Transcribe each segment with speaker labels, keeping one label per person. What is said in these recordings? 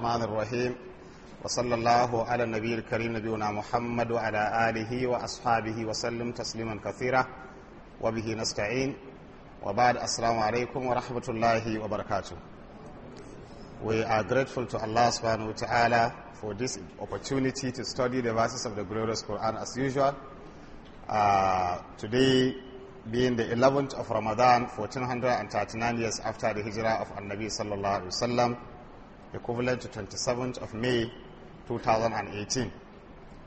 Speaker 1: الرحمن الرحيم وصلى الله على النبي الكريم نبينا محمد وعلى آله وأصحابه وسلم تسليما كثيرا وبه نستعين وبعد السلام عليكم ورحمة الله وبركاته We are grateful to Allah subhanahu wa ta'ala for this opportunity to study the verses of the glorious Quran as usual. Uh, today being the 11th of Ramadan, 1439 years after the hijrah of An-Nabi sallallahu alayhi wa sallam, equivalent to 27th of May 2018.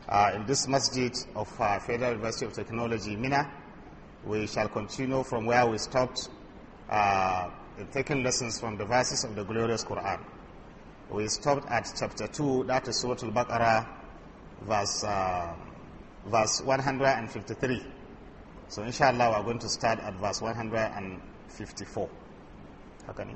Speaker 1: Uh, in this masjid of uh, Federal University of Technology, Mina, we shall continue from where we stopped uh, in taking lessons from the verses of the glorious Quran. We stopped at chapter 2, that is Surah Al-Baqarah, verse, uh, verse 153. So inshallah we're going to start at verse 154. How can you?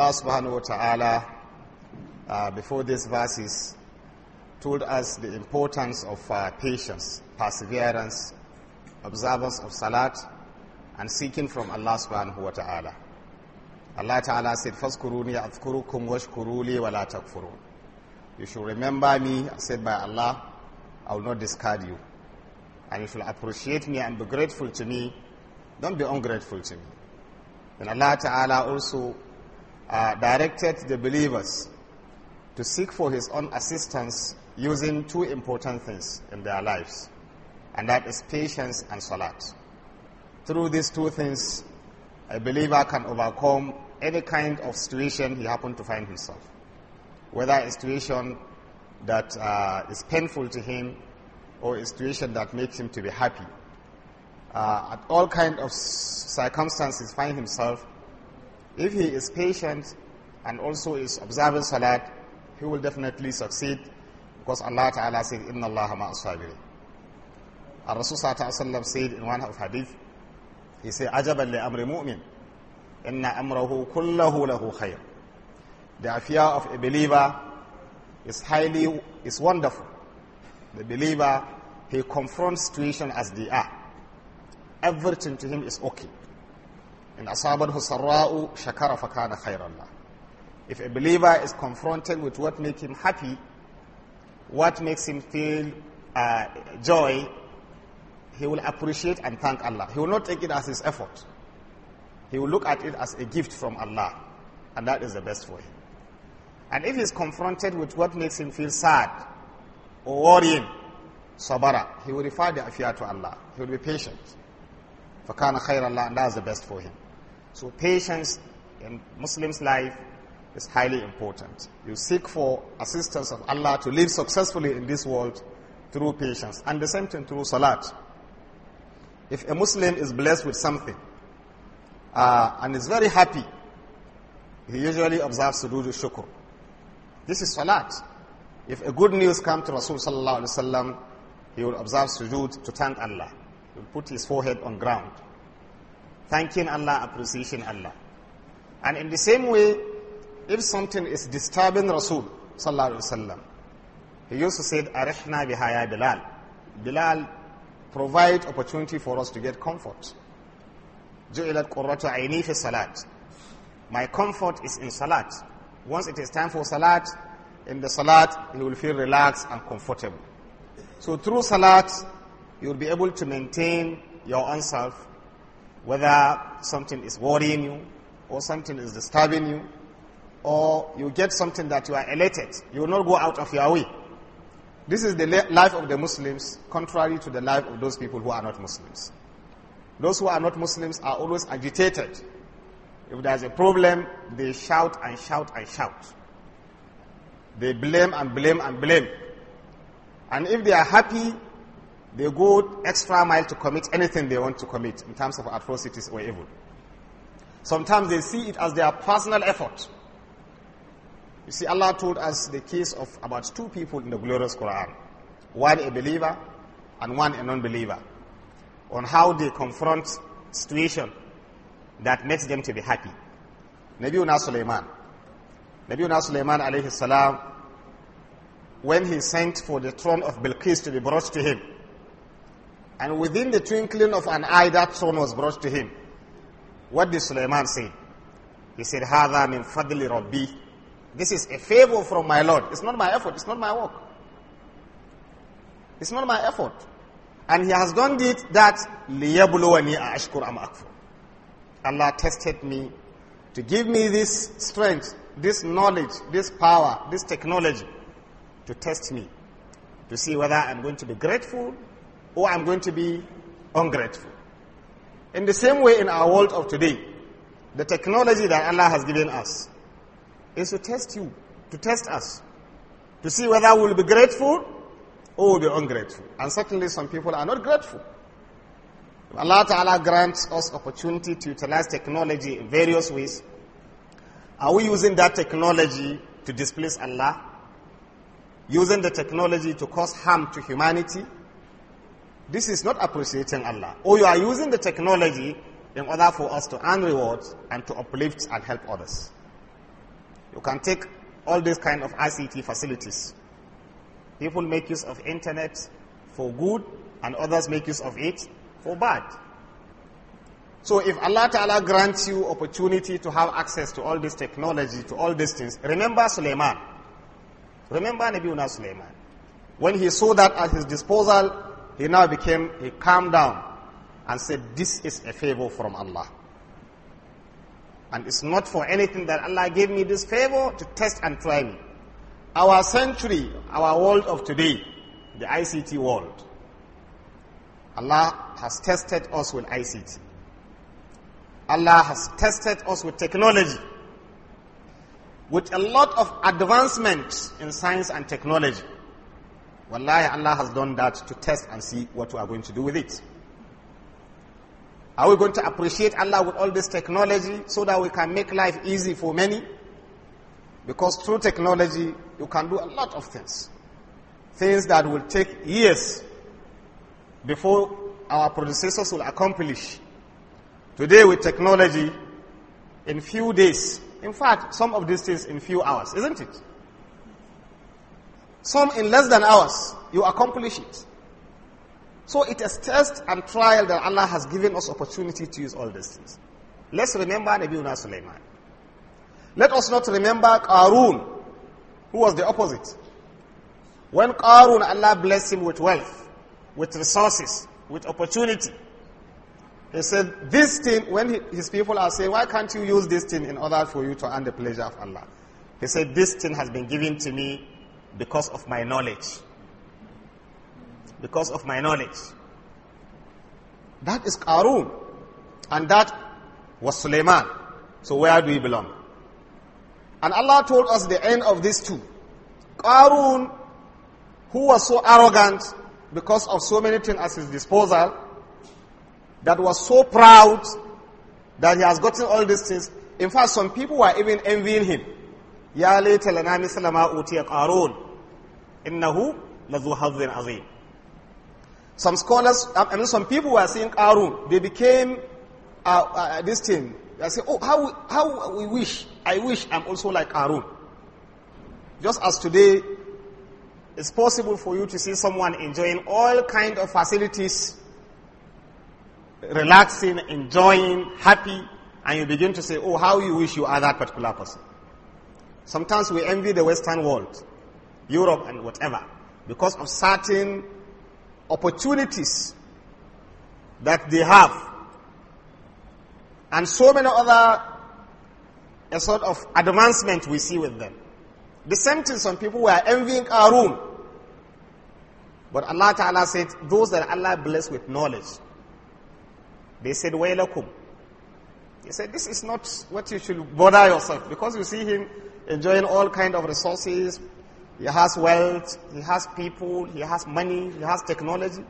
Speaker 1: Allah subhanahu wa ta'ala, uh, before these verses, told us the importance of uh, patience, perseverance, observance of salat, and seeking from Allah subhanahu wa ta'ala. Allah ta'ala said, Faskuruni adhkurukum washkuruli wa la You should remember me, said by Allah, I will not discard you. And if you appreciate me and be grateful to me. Don't be ungrateful to me. And Allah ta'ala also uh, directed the believers to seek for his own assistance using two important things in their lives, and that is patience and salat. Through these two things, a believer can overcome any kind of situation he happened to find himself, whether a situation that uh, is painful to him or a situation that makes him to be happy. Uh, at all kind of circumstances find himself, if he is patient and also is observing salat, he will definitely succeed because Allah Ta'ala said, Inna Allah ma'asabiri. Al Rasul Sallallahu said in one of hadith, he said, Ajaban li amri mu'min, inna amrahu kullahu lahu khayr. The affair of a believer is highly, is wonderful. The believer, he confronts situation as they are. Everything to him is okay. And shakara fakana If a believer is confronted with what makes him happy, what makes him feel uh, joy, he will appreciate and thank Allah. He will not take it as his effort. He will look at it as a gift from Allah. And that is the best for him. And if he's confronted with what makes him feel sad or worrying, sabara, he will refer the affair to Allah. He will be patient. فَكَانَ خَيْرَ اللَّهِ And that's the best for him. So patience in Muslim's life is highly important. You seek for assistance of Allah to live successfully in this world through patience. And the same thing through salat. If a Muslim is blessed with something uh, and is very happy, he usually observes sujood shukr. This is salat. If a good news comes to Rasul sallallahu he will observe sujood to thank Allah. He will put his forehead on ground. Thanking Allah, appreciating Allah. And in the same way, if something is disturbing Rasul, sallallahu alayhi wa he used to say, Arihna bihaya Bilal. Bilal, provide opportunity for us to get comfort. Ju'ilat qurratu ayni fi salat. My comfort is in salat. Once it is time for salat, in the salat, you will feel relaxed and comfortable. So through salat, you'll be able to maintain your own self whether something is worrying you or something is disturbing you or you get something that you are elated. You will not go out of your way. This is the life of the Muslims contrary to the life of those people who are not Muslims. Those who are not Muslims are always agitated. If there's a problem, they shout and shout and shout. They blame and blame and blame. And if they are happy, they go extra mile to commit anything they want to commit in terms of atrocities or evil. Sometimes they see it as their personal effort. You see, Allah told us the case of about two people in the glorious Quran. One a believer and one a non-believer. On how they confront situation that makes them to be happy. Nabiuna Sulaiman. Nabiuna Sulaiman alayhi salam, when he sent for the throne of Bilqis to be brought to him, and within the twinkling of an eye, that son was brought to him. What did Sulaiman say? He said, Hada min fadli rabbi. This is a favor from my Lord. It's not my effort. It's not my work. It's not my effort. And he has done it that liyabluwani ashkur am akfur. Allah tested me to give me this strength, this knowledge, this power, this technology to test me, to see whether I'm going to be grateful or I'm going to be ungrateful. In the same way, in our world of today, the technology that Allah has given us is to test you, to test us, to see whether we'll be grateful or we'll be ungrateful. And certainly, some people are not grateful. Allah Ta'ala grants us opportunity to utilize technology in various ways. Are we using that technology to displace Allah? Using the technology to cause harm to humanity? This is not appreciating Allah. Or oh, you are using the technology in order for us to earn rewards and to uplift and help others. You can take all these kind of ICT facilities. People make use of internet for good and others make use of it for bad. So if Allah Ta'ala grants you opportunity to have access to all this technology, to all these things, remember Suleiman. Remember Nabiuna Suleiman. When he saw that at his disposal, he now became, he calmed down and said, this is a favor from Allah. And it's not for anything that Allah gave me this favor to test and try me. Our century, our world of today, the ICT world, Allah has tested us with ICT. Allah has tested us with technology, with a lot of advancement in science and technology. Wallahi, Allah has done that to test and see what we are going to do with it. Are we going to appreciate Allah with all this technology so that we can make life easy for many? Because through technology, you can do a lot of things. Things that will take years before our predecessors will accomplish. Today with technology, in few days, in fact, some of these things in few hours, isn't it? Some in less than hours, you accomplish it. So it is test and trial that Allah has given us opportunity to use all these things. Let's remember Nabiuna Sulaiman. Let us not remember Qarun, who was the opposite. When Qarun, Allah blessed him with wealth, with resources, with opportunity. He said, this thing, when his people are saying, why can't you use this thing in order for you to earn the pleasure of Allah? He said, this thing has been given to me because of my knowledge. Because of my knowledge. That is Qarun. And that was Suleiman. So where do we belong? And Allah told us the end of these two. Qarun, who was so arrogant because of so many things at his disposal, that was so proud that he has gotten all these things. In fact, some people were even envying him. يا ليت لنا misla ma utiya qarun innahu lazu hazzin azim some scholars uh, I mean some people were saying qarun they became uh, uh, this thing they say oh how how we wish i wish i'm also like qarun just as today it's possible for you to see someone enjoying all kind of facilities
Speaker 2: relaxing
Speaker 1: enjoying happy and you begin to say oh how you wish you are that particular person Sometimes we envy the Western world, Europe and whatever, because of certain opportunities that they have. And so many other a sort of advancement we see with them. The same thing some people were envying our room. But Allah Ta'ala said, those that Allah blessed with knowledge, they said, Wailakum. He said, this is not what you should bother yourself because you see him enjoying all kind of resources. He has wealth, he has people, he has money, he has technology.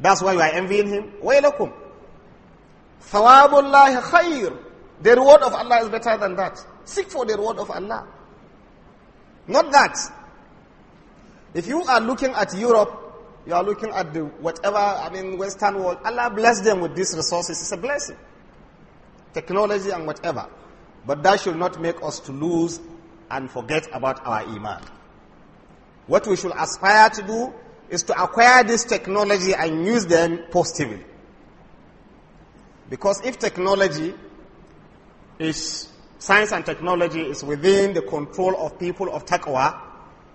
Speaker 1: That's why you are envying him. Wailakum. Thawabullahi khair. The reward of Allah is better than that. Seek for the reward of Allah. Not that. If you are looking at Europe, you are looking at the whatever, I mean, Western world, Allah bless them with these resources. It's a blessing technology and whatever. But that should not make us to lose and forget about our iman. What we should aspire to do is to acquire this technology and use them positively. Because if technology is, science and technology is within the control of people of taqwa,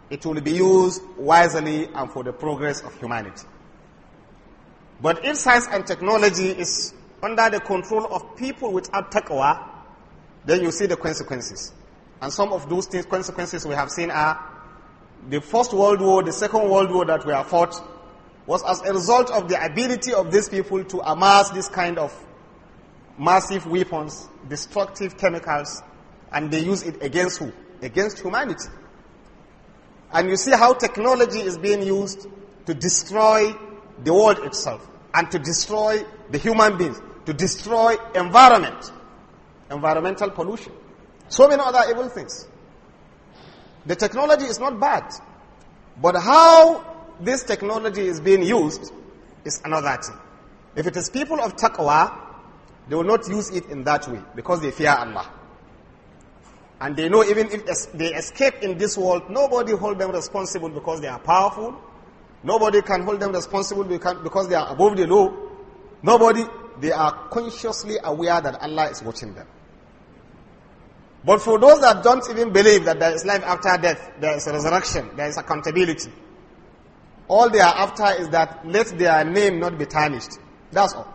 Speaker 1: it will be used wisely and for the progress of humanity. But if science and technology is under the control of people without taqwa, then you see the consequences. And some of those things, consequences we have seen are the First World War, the Second World War that we have fought was as a result of the ability of these people to amass this kind of massive weapons, destructive chemicals, and they use it against who? Against humanity. And you see how technology is being used to destroy the world itself and to destroy the human beings to destroy environment, environmental pollution, so many other evil things. The technology is not bad, but how this technology is being used is another thing. If it is people of taqwa, they will not use it in that way because they fear Allah. And they know even if they escape in this world, nobody hold them responsible because they are powerful. Nobody can hold them responsible because they are above the law. Nobody they are consciously aware that Allah is watching them. But for those that don't even believe that there is life after death, there is resurrection, there is accountability, all they are after is that let their name not be tarnished. That's all.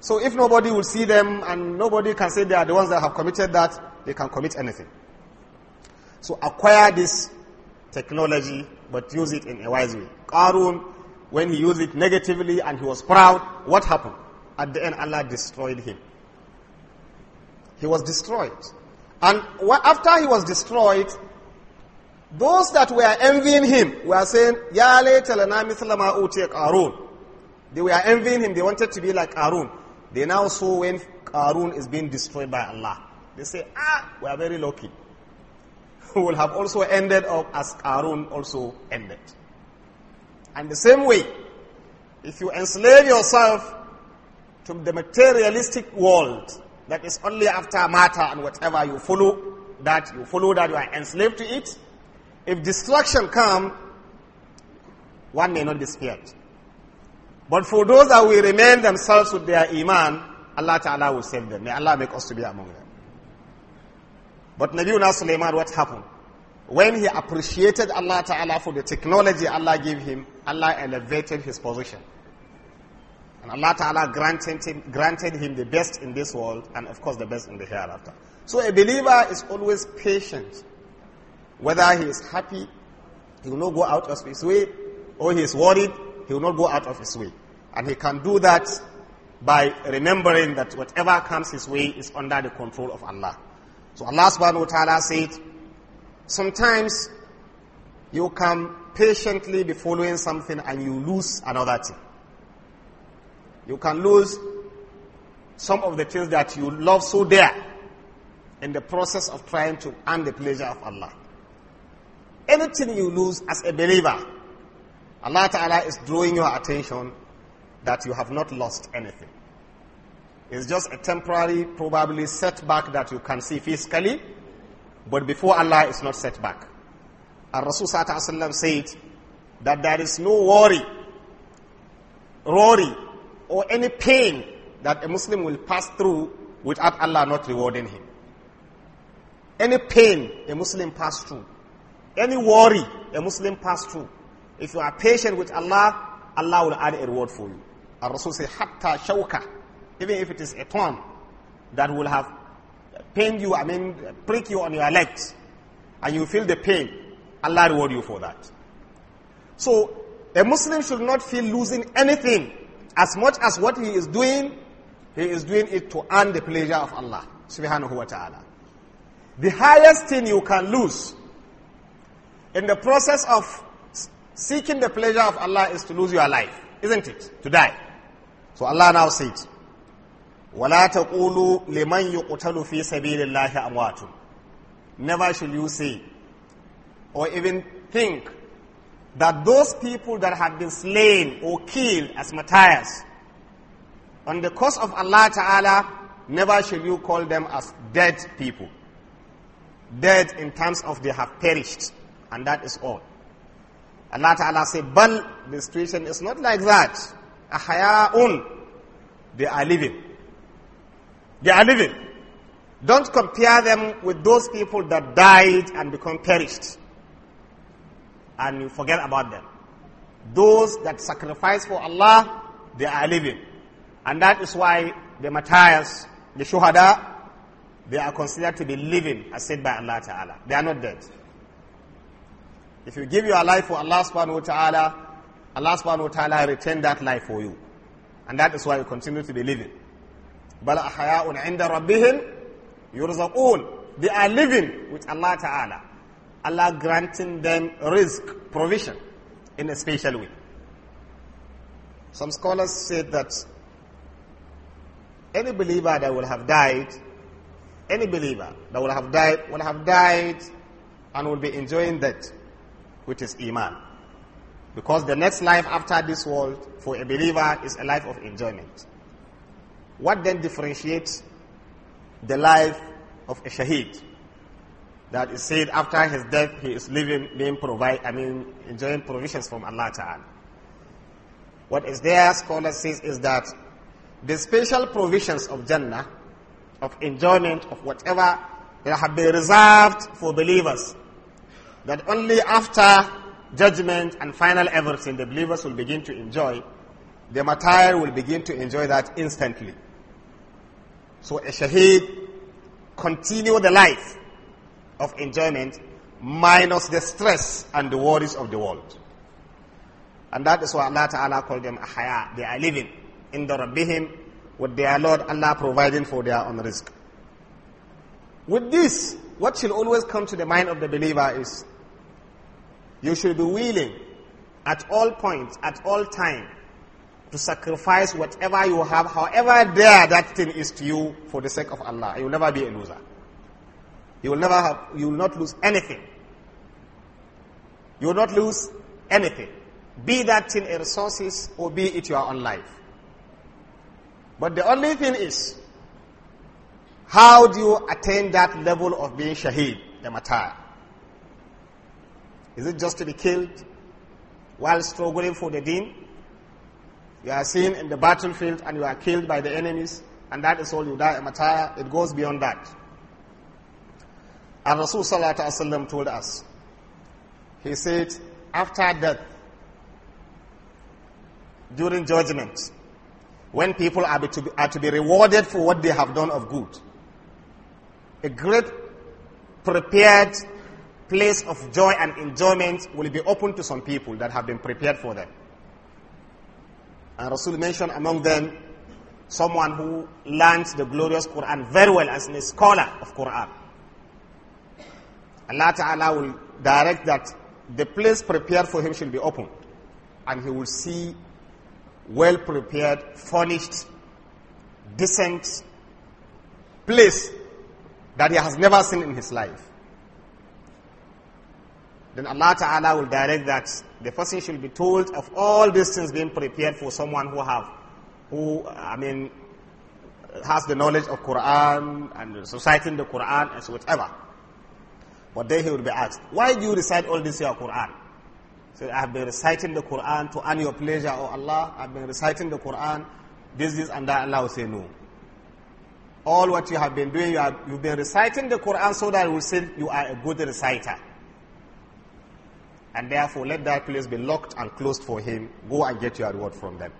Speaker 1: So if nobody will see them and nobody can say they are the ones that have committed that, they can commit anything. So acquire this technology, but use it in a wise way. Karun, when he used it negatively and he was proud, what happened? At the end, Allah destroyed him. He was destroyed. And after he was destroyed, those that were envying him were saying, Ya laytalana mithla ma utiya Qarun. They were envying him. They wanted to be like Qarun. They now saw when Qarun is being destroyed by Allah. They say, ah, we are very lucky. we will have also ended up as Qarun also ended. And the same way, if you enslave yourself to the materialistic world that is only after matter and whatever you follow that you follow that you are enslaved to it if destruction come one may not be spared but for those that will remain themselves with their iman allah ta'ala will save them may allah make us to be among them but nabiuna Sulaiman, what happened when he appreciated allah ta'ala for the technology allah gave him allah elevated his position and Allah Ta'ala granted him, granted him the best in this world and of course the best in the hereafter. So a believer is always patient. Whether he is happy, he will not go out of his way, or he is worried, he will not go out of his way. And he can do that by remembering that whatever comes his way is under the control of Allah. So Allah subhanahu wa ta'ala said, sometimes you can patiently be following something and you lose another thing. You can lose some of the things that you love so dear in the process of trying to earn the pleasure of Allah. Anything you lose as a believer, Allah Ta'ala is drawing your attention that you have not lost anything. It's just a temporary, probably setback that you can see physically, but before Allah it's not setback. And Rasul said that there is no worry, worry or any pain that a Muslim will pass through without Allah not rewarding him. Any pain a Muslim pass through, any worry a Muslim pass through, if you are patient with Allah, Allah will add a reward for you. Our Rasul says, Hatta shawka, even if it is a thorn that will have pained you, I mean, prick you on your legs, and you feel the pain, Allah reward you for that. So, a Muslim should not feel losing anything as much as what he is doing, he is doing it to earn the pleasure of Allah subhanahu wa ta'ala. The highest thing you can lose in the process of seeking the pleasure of Allah is to lose your life, isn't it? To die. So Allah now says, وَلَا تَقُولُوا لِمَنْ يُقْتَلُ فِي سَبِيلِ اللَّهِ أَمْوَاتٌ Never shall you say or even think that those people that had been slain or killed as martyrs, on the cause of Allah Ta'ala, never shall you call them as dead people. Dead in terms of they have perished. And that is all. Allah Ta'ala said, but the situation is not like that. Ahaya'un. They are living. They are living. Don't compare them with those people that died and become perished and you forget about them. Those that sacrifice for Allah, they are living. And that is why the martyrs, the shuhada, they are considered to be living as said by Allah Ta'ala. They are not dead. If you give your life for Allah subhanahu wa ta'ala, Allah subhanahu wa ta'ala return that life for you. And that is why you continue to be living. بَلَا أَحْيَاءٌ عِنْدَ رَبِّهِمْ يُرْزَقُونَ They are living with Allah Ta'ala. Allah granting them risk, provision in a special way. Some scholars say that any believer that will have died, any believer that will have died, will have died and will be enjoying that, which is Iman. Because the next life after this world for a believer is a life of enjoyment. What then differentiates the life of a shaheed that is said after his death he is living being provide I mean enjoying provisions from Allah Ta'ala. What is there, scholar says, is that the special provisions of Jannah, of enjoyment, of whatever, they have been reserved for believers. That only after judgment and final everything the believers will begin to enjoy, the martyr will begin to enjoy that instantly. So a shaheed continue the life of enjoyment minus the stress and the worries of the world. And that is why Allah Ta'ala called them ahaya. They are living in the Rabbihim with their Lord Allah providing for their own risk. With this, what should always come to the mind of the believer is you should be willing at all points, at all time, to sacrifice whatever you have, however dear that thing is to you, for the sake of Allah. You will never be a loser. You will never have, you will not lose anything. You will not lose anything. Be that in resources or be it your own life. But the only thing is, how do you attain that level of being shaheed, the martyr? Is it just to be killed while struggling for the deen? You are seen in the battlefield and you are killed by the enemies, and that is all you die a martyr. It goes beyond that. And Rasul Sallallahu told us, he said, after death, during judgment, when people are to, be, are to be rewarded for what they have done of good, a great prepared place of joy and enjoyment will be open to some people that have been prepared for them. And Rasul mentioned among them someone who learned the glorious Quran very well as a scholar of Quran. Allah Ta'ala will direct that the place prepared for him shall be opened. And he will see well prepared, furnished, decent place that he has never seen in his life. Then Allah Ta'ala will direct that the person should be told of all these things being prepared for someone who have, who, I mean, has the knowledge of Quran and reciting the Quran and so whatever. But then he will be asked, why do you recite all this your Quran? So I have been reciting the Quran to earn your pleasure, O Allah. I've been reciting the Quran, this, this, and that. Allah will say no. All what you have been doing, you have, you've been reciting the Quran so that we say you are a good reciter. And therefore, let that place be locked and closed for him. Go and get your reward from them.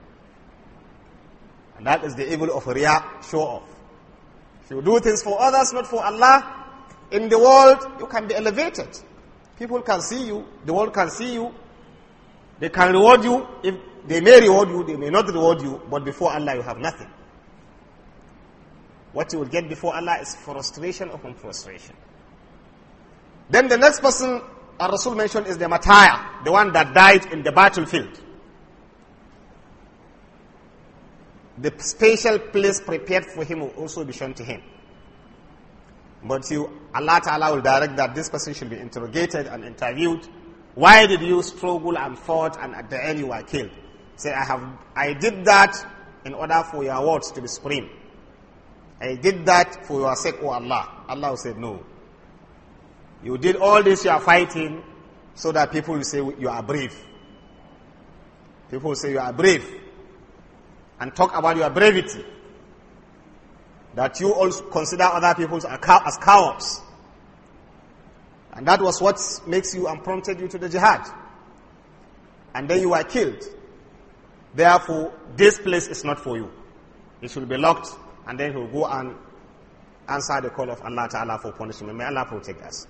Speaker 1: And that is the evil of Riyah, show off. If you do things for others, not for Allah, in the world, you can be elevated. People can see you. The world can see you. They can reward you. If they may reward you, they may not reward you. But before Allah, you have nothing. What you will get before Allah is frustration upon frustration. Then the next person our Rasul mentioned is the Mataya, the one that died in the battlefield. The special place prepared for him will also be shown to him. But you, Allah Ta'ala will direct that this person should be interrogated and interviewed. Why did you struggle and fought and at the end you were killed? Say, I have, I did that in order for your words to be supreme. I did that for your sake, O Allah. Allah. Allah said, no. You did all this, you are fighting, so that people will say you are brave. People will say you are brave. And talk about your brevity that you also consider other people as cowards. And that was what makes you and prompted you to the jihad. And then you were killed. Therefore, this place is not for you. It should be locked, and then he'll go and answer the call of Allah Ta'ala for punishment. May Allah protect us.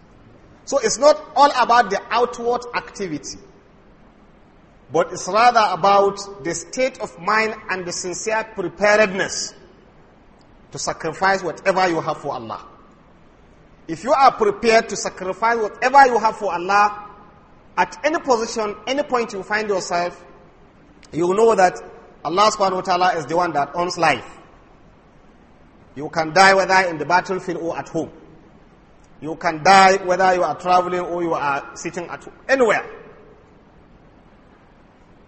Speaker 1: So it's not all about the outward activity, but it's rather about the state of mind and the sincere preparedness to sacrifice whatever you have for Allah. If you are prepared to sacrifice whatever you have for Allah, at any position, any point you find yourself, you know that Allah subhanahu wa ta'ala is the one that owns life. You can die whether in the battlefield or at home. You can die whether you are traveling or you are sitting at anywhere.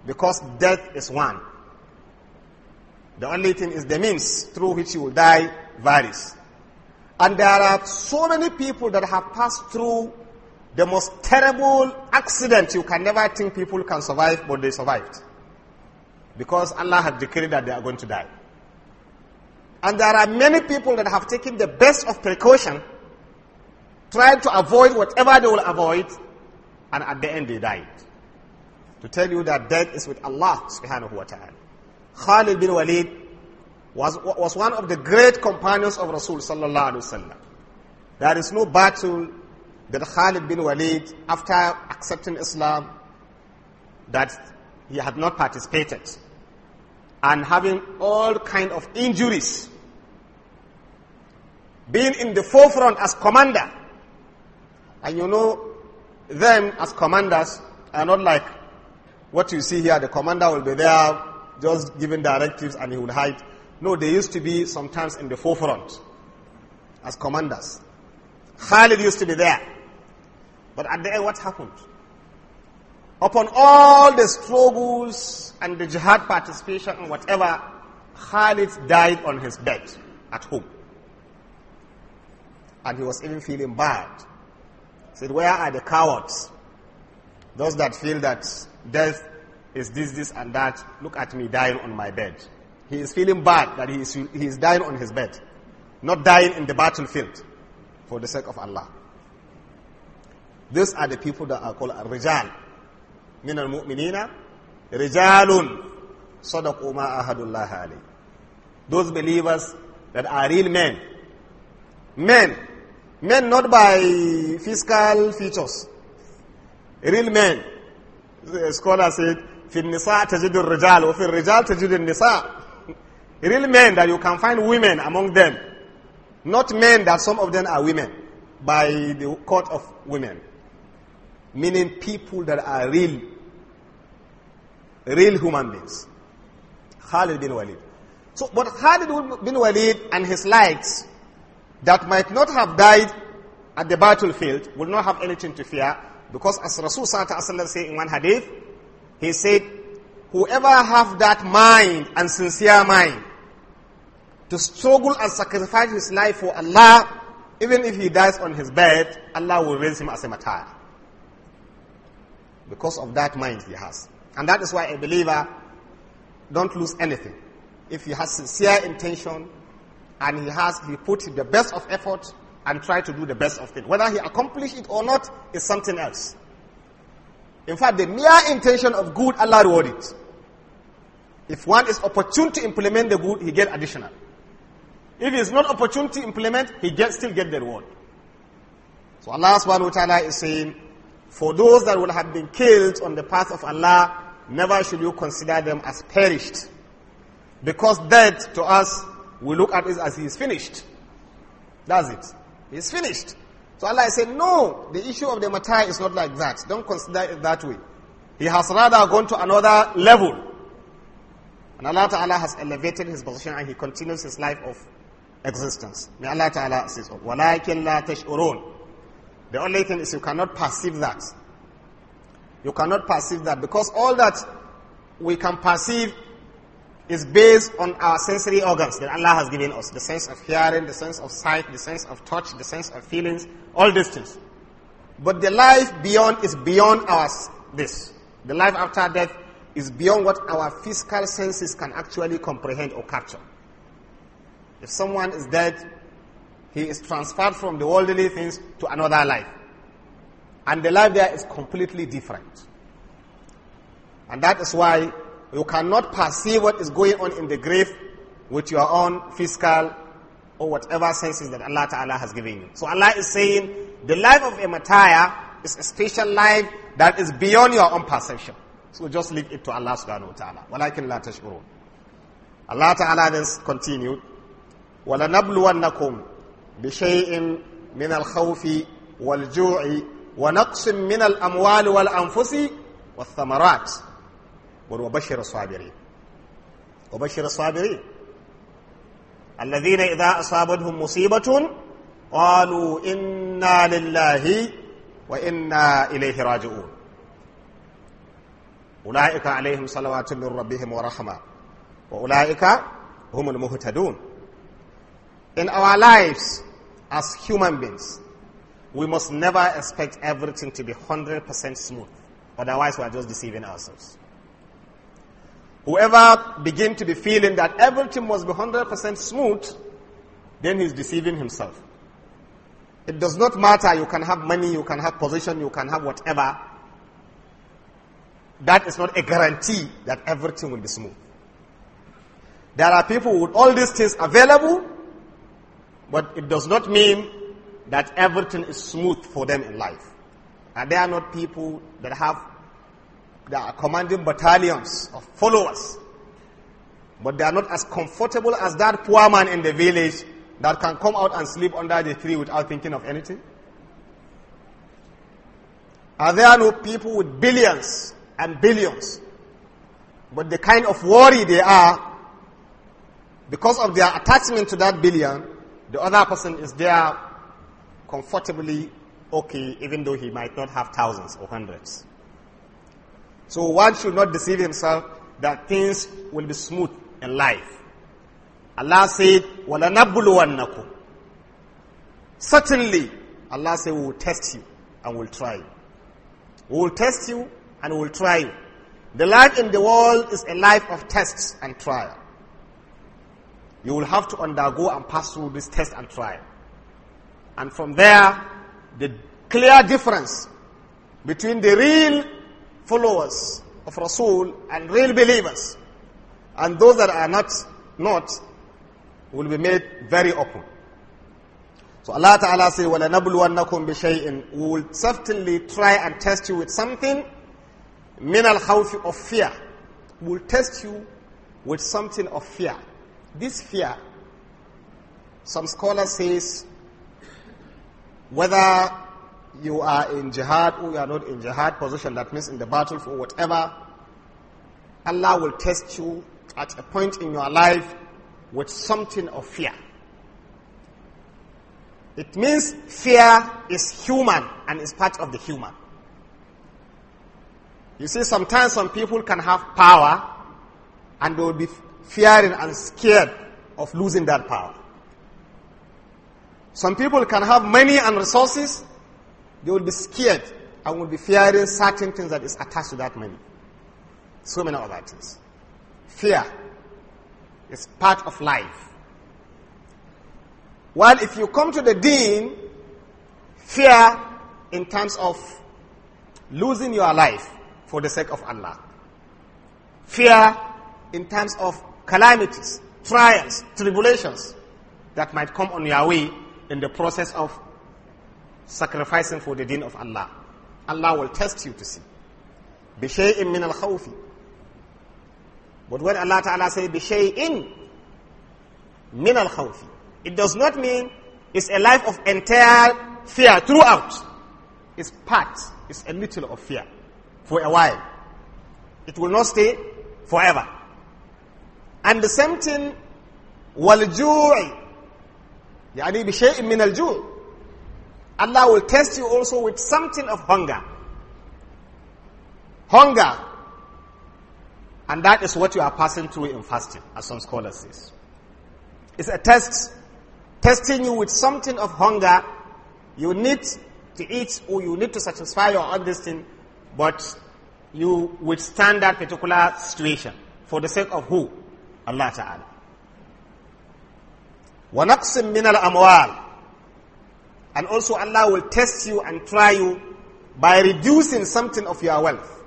Speaker 1: Because death is one. The only thing is the means through which you will die varies. And there are so many people that have passed through the most terrible accident you can never think people can survive, but they survived. Because Allah had decreed that they are going to die. And there are many people that have taken the best of precaution, tried to avoid whatever they will avoid, and at the end they died. To tell you that death is with Allah subhanahu wa ta'ala. Khalid bin Walid was, was one of the great companions of Rasul sallallahu alaihi wasallam. There is no battle that Khalid bin Walid, after accepting Islam, that he had not participated and having all kind of injuries. Being in the forefront as commander. And you know, them as commanders are not like what you see here. The commander will be there just giving directives and he would hide. No, they used to be sometimes in the forefront as commanders. Khalid used to be there. But at the end, what happened? Upon all the struggles and the jihad participation and whatever, Khalid died on his bed at home. And he was even feeling bad. He said, Where are the cowards? Those that feel that death is this, this, and that. Look at me dying on my bed. He is feeling bad that he is, he is dying on his bed, not dying in the battlefield for the sake of Allah. These are the people that are called Rijal. من المؤمنين رجال صدقوا ما أهد الله عليه. Those believers that are real men. Men. Men not by physical features. Real men. The scholar said, في النساء تجد الرجال وفي الرجال تجد النساء real men that you can find women among them not men that some of them are women by the court of women meaning people that are real real human beings Khalid bin Walid so but Khalid bin Walid and his likes that might not have died at the battlefield will not have anything to fear because as Rasul said in one hadith he said, whoever have that mind and sincere mind to struggle and sacrifice his life for Allah, even if he dies on his bed, Allah will raise him as a martyr. Because of that mind he has. And that is why a believer don't lose anything. If he has sincere intention and he has, he put the best of effort and try to do the best of it. Whether he accomplish it or not is something else. In fact, the mere intention of good, Allah reward it. If one is opportune to implement the good, he get additional. If he is not opportune to implement, he still get the reward. So Allah subhanahu wa ta'ala is saying, for those that will have been killed on the path of Allah, never should you consider them as perished. Because death to us, we look at it as he is finished. That's it. He is finished. So Allah said, no, the issue of the matai is not like that. Don't consider it that way. He has rather gone to another level. And Allah Ta'ala has elevated his position and he continues his life of existence. May Allah Ta'ala says, وَلَكِنْ لَا تَشْعُرُونَ The only thing is you cannot perceive that. You cannot perceive that because all that we can perceive is based on our sensory organs that Allah has given us. The sense of hearing, the sense of sight, the sense of touch, the sense of feelings, all these things. But the life beyond is beyond us this. The life after death is beyond what our physical senses can actually comprehend or capture. If someone is dead, he is transferred from the worldly things to another life. And the life there is completely different. And that is why you cannot perceive what is going on in the grave with your own physical or whatever senses that Allah Ta'ala has given you. So Allah is saying the life of a Messiah is a special life that is beyond your own perception. So just leave it to Allah subhanahu wa ta'ala. وَلَكِنْ لَا تَشْكُرُونَ Allah Ta'ala then continued, وَلَنَبْلُوَنَّكُمْ بِشَيْءٍ مِنَ الْخَوْفِ وَالْجُوعِ ونقص من الأموال والأنفس والثمرات wa bashir sabiri wa bashir alladhina idza musibatun qalu inna lillahi wa inna ilayhi raji'un ulaika alaihim min rabbihim wa rahma wa ulaika humul muhtadun in our lives as human beings we must never expect everything to be 100% smooth. Otherwise, we are just deceiving ourselves. Whoever begin to be feeling that everything must be 100% smooth, then he's deceiving himself. It does not matter. You can have money, you can have position, you can have whatever. That is not a guarantee that everything will be smooth. There are people with all these things available, but it does not mean that everything is smooth for them in life. And they are not people that have there are commanding battalions of followers. But they are not as comfortable as that poor man in the village that can come out and sleep under the tree without thinking of anything? Are there no people with billions and billions? But the kind of worry they are, because of their attachment to that billion, the other person is there comfortably okay, even though he might not have thousands or hundreds. So one should not deceive himself that things will be smooth in life. Allah said, وَلَنَبْلُوَنَّكُمْ Certainly, Allah said, we will test you and we will try you. We will test you and we will try you. The life in the world is a life of tests and trial. You will have to undergo and pass through this test and trial. And from there, the clear difference between the real followers of Rasul and real believers. And those that are not, not, will be made very open. So Allah Ta'ala says, وَلَنَبْلُوَنَّكُمْ بِشَيْءٍ We will certainly try and test you with something min al of fear. We will test you with something of fear. This fear, some scholar says, whether you are in jihad or you are not in jihad position, that means in the battle for whatever, Allah will test you at a point in your life with something of fear. It means fear is human and is part of the human. You see, sometimes some people can have power and they will be fearing and scared of losing that power. Some people can have money and resources they will be scared and will be fearing certain things that is attached to that money. So many other things. Fear is part of life. While if you come to the deen, fear in terms of losing your life for the sake of Allah. Fear in terms of calamities, trials, tribulations that might come on your way in the process of sacrificing for the deen of Allah. Allah will test you to see. Bishay'in min al But when Allah Ta'ala says bishay'in min al-khawfi, it does not mean it's a life of entire fear throughout. It's part, it's a little of fear for a while. It will not stay forever. And the same thing, wal-ju'i. يعني بشيء من الجوع Allah will test you also with something of hunger. Hunger. And that is what you are passing through in fasting, as some scholars say. It's a test, testing you with something of hunger. You need to eat or you need to satisfy your own thing, but you withstand that particular situation for the sake of who? Allah Ta'ala. وَنَقْسِمْ مِنَ الْأَمْوَالِ and also Allah will test you and try you by reducing something of your wealth.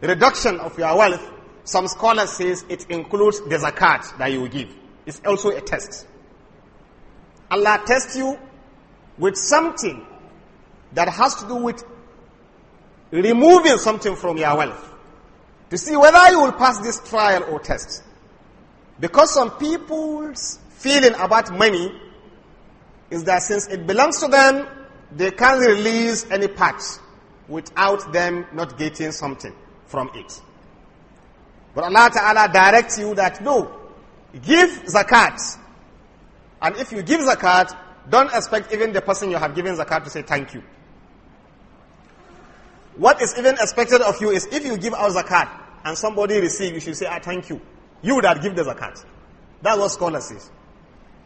Speaker 1: Reduction of your wealth, some scholars says it includes the zakat that you give. It's also a test. Allah tests you with something that has to do with removing something from your wealth to see whether you will pass this trial or test. Because some people's feeling about money is that since it belongs to them, they can't release any parts without them not getting something from it. But Allah Ta'ala directs you that no, give zakat. And if you give zakat, don't expect even the person you have given zakat to say thank you. What is even expected of you is if you give out zakat and somebody receive, you should say, I ah, thank you. You that give the zakat. That's what scholars say.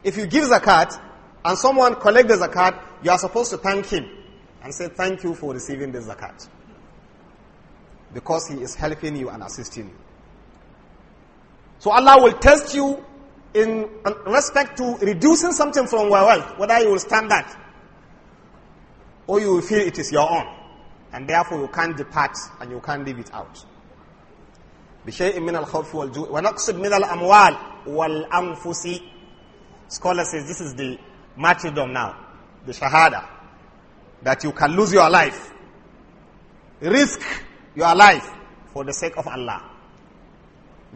Speaker 1: If you give zakat and someone collects the zakat, you are supposed to thank him and say, thank you for receiving the zakat. Because he is helping you and assisting you. So Allah will test you in respect to reducing something from your wealth, whether you will stand that or you will feel it is your own. And therefore you can't depart and you can't leave it out. بشيء Scholar says this is the martyrdom now, the shahada, that you can lose your life, risk your life for the sake of Allah,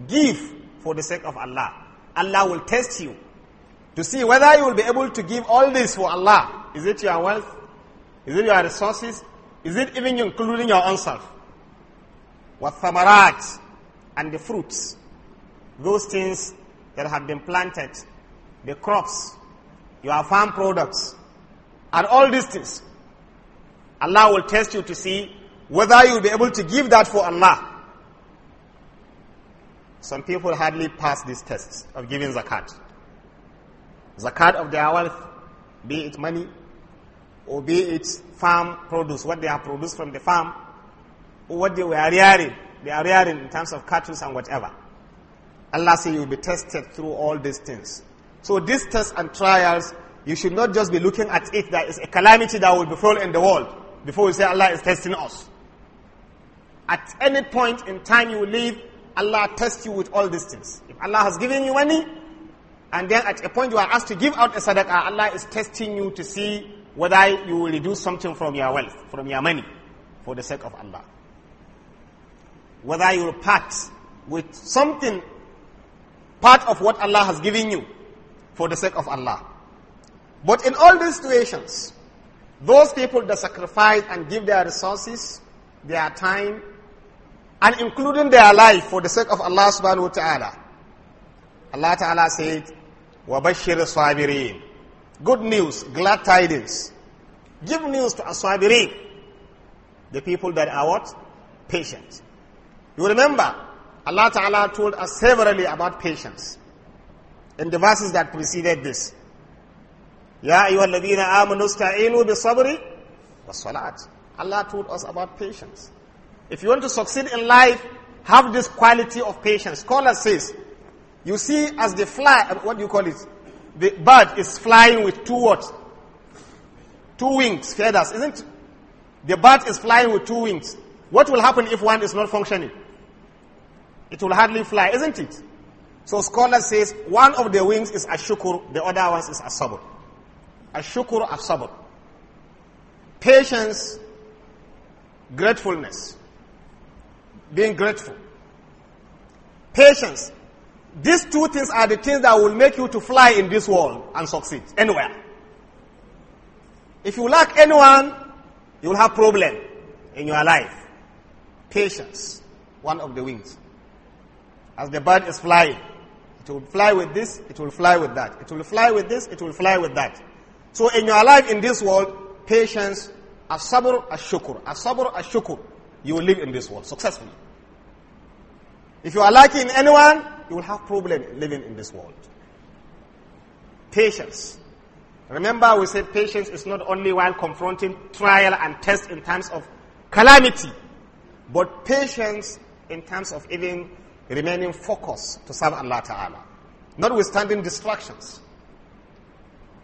Speaker 1: give for the sake of Allah. Allah will test you to see whether you will be able to give all this for Allah. Is it your wealth? Is it your resources? Is it even including your own self? Wathamarat and the fruits, those things that have been planted, the crops, your farm products, and all these things. Allah will test you to see whether you'll be able to give that for Allah. Some people hardly pass this test of giving zakat. Zakat of their wealth, be it money, or be it farm produce, what they have produced from the farm, or what they were rearing, they are rearing in terms of cattle and whatever. Allah says you'll be tested through all these things. So these tests and trials, you should not just be looking at it that is a calamity that will befall in the world before we say Allah is testing us. At any point in time you live, Allah tests you with all these things. If Allah has given you money, and then at a point you are asked to give out a sadaqah, Allah is testing you to see whether you will reduce something from your wealth, from your money, for the sake of Allah. Whether you will part with something, part of what Allah has given you, for the sake of Allah. But in all these situations, those people that sacrifice and give their resources, their time, and including their life for the sake of Allah subhanahu wa ta'ala. Allah ta'ala said, وَبَشِّرِ الصَّابِرِينَ Good news, glad tidings. Give news to Aswabirin, the people that are what? Patient. You remember, Allah Ta'ala told us severally about patience in the verses that preceded this. Ya ayyuhalladhina amanu ista'inu bisabri was-salat. Allah told us about patience. If you want to succeed in life, have this quality of patience. Scholar says, you see as the fly, uh, what do you call it? The bird is flying with two what? Two wings, feathers, isn't it? The bird is flying with two wings. What will happen if one is not functioning? It will hardly fly, isn't it? So scholar says one of the wings is ashukur, the other one is asabur. Ashukur, asabur. Patience, gratefulness. Being grateful. Patience. These two things are the things that will make you to fly in this world and succeed anywhere. If you lack anyone, you will have problem in your life. Patience, one of the wings. As the bird is flying, it will fly with this, it will fly with that. It will fly with this, it will fly with that. So in your life in this world, patience, as-sabr, as-shukr, as-sabr, as-shukr, you will live in this world successfully. If you are lacking in anyone, you will have problem living in this world. Patience. Remember we said patience is not only while confronting trial and test in times of calamity, but patience in terms of even remaining focused to serve Allah Ta'ala, notwithstanding distractions.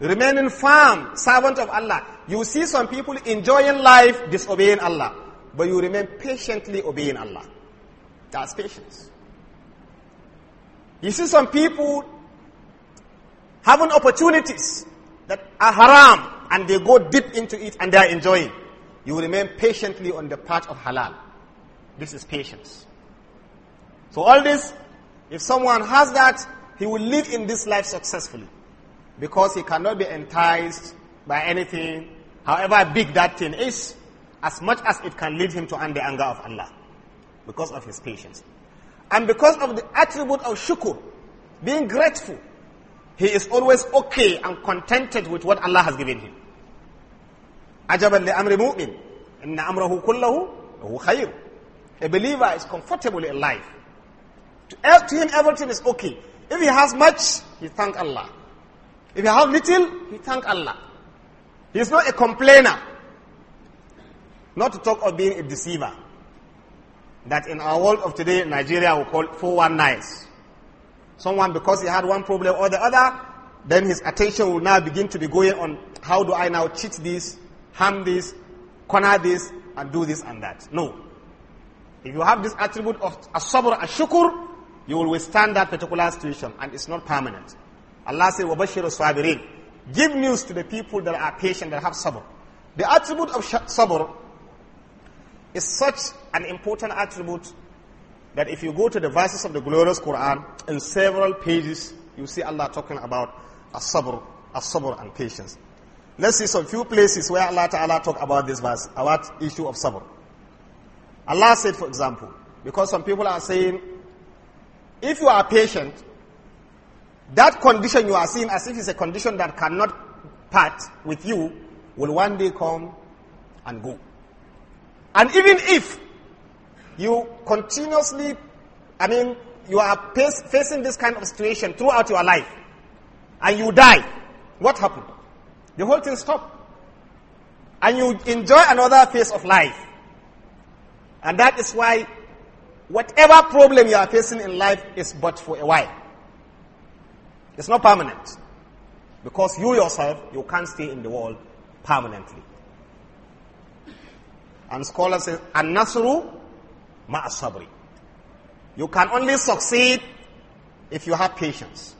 Speaker 1: Remaining firm, servant of Allah. You see some people enjoying life, disobeying Allah, but you remain patiently obeying Allah. That's patience. You see some people having opportunities that are haram and they go deep into it and they are enjoying. You remain patiently on the path of halal. This is patience. So all this, if someone has that, he will live in this life successfully. Because he cannot be enticed by anything, however big that thing is, as much as it can lead him to the anger of Allah. Because of his patience. And because of the attribute of shukr, being grateful, he is always okay and contented with what Allah has given him. عجبا لأمر مؤمن إن amrahu kullahu hu khayr. A believer is comfortable in life. To, to him, everything is okay. If he has much, he thank Allah. If he has little, he thank Allah. He is not a complainer. Not to talk of being a deceiver. That in our world of today, Nigeria will call 419s. Someone, because he had one problem or the other, then his attention will now begin to be going on how do I now cheat this, harm this, corner this, and do this and that. No. If you have this attribute of as-sabr, as you will withstand that particular situation and it's not permanent. Allah says, "Wabashiru الصَّابِرِينَ Give news to the people that are patient, that have sabr. The attribute of sabr is such an important attribute that if you go to the verses of the glorious Quran, in several pages, you see Allah talking about as-sabr, sabr and patience. Let's see some few places where Allah Ta'ala talk about this verse, about issue of sabr. Allah said, for example, because some people are saying, if you are patient, that condition you are seeing as if it's a condition that cannot part with you will one day come and go. And even if you continuously, I mean, you are facing this kind of situation throughout your life and you die, what happened? The whole thing stopped. And you enjoy another phase of life. And that is why whatever problem you are facing in life is but for a while. It's not permanent. Because you yourself, you can't stay in the world permanently. And scholars say, An-Nasru ma'asabri. You can only succeed if you have patience.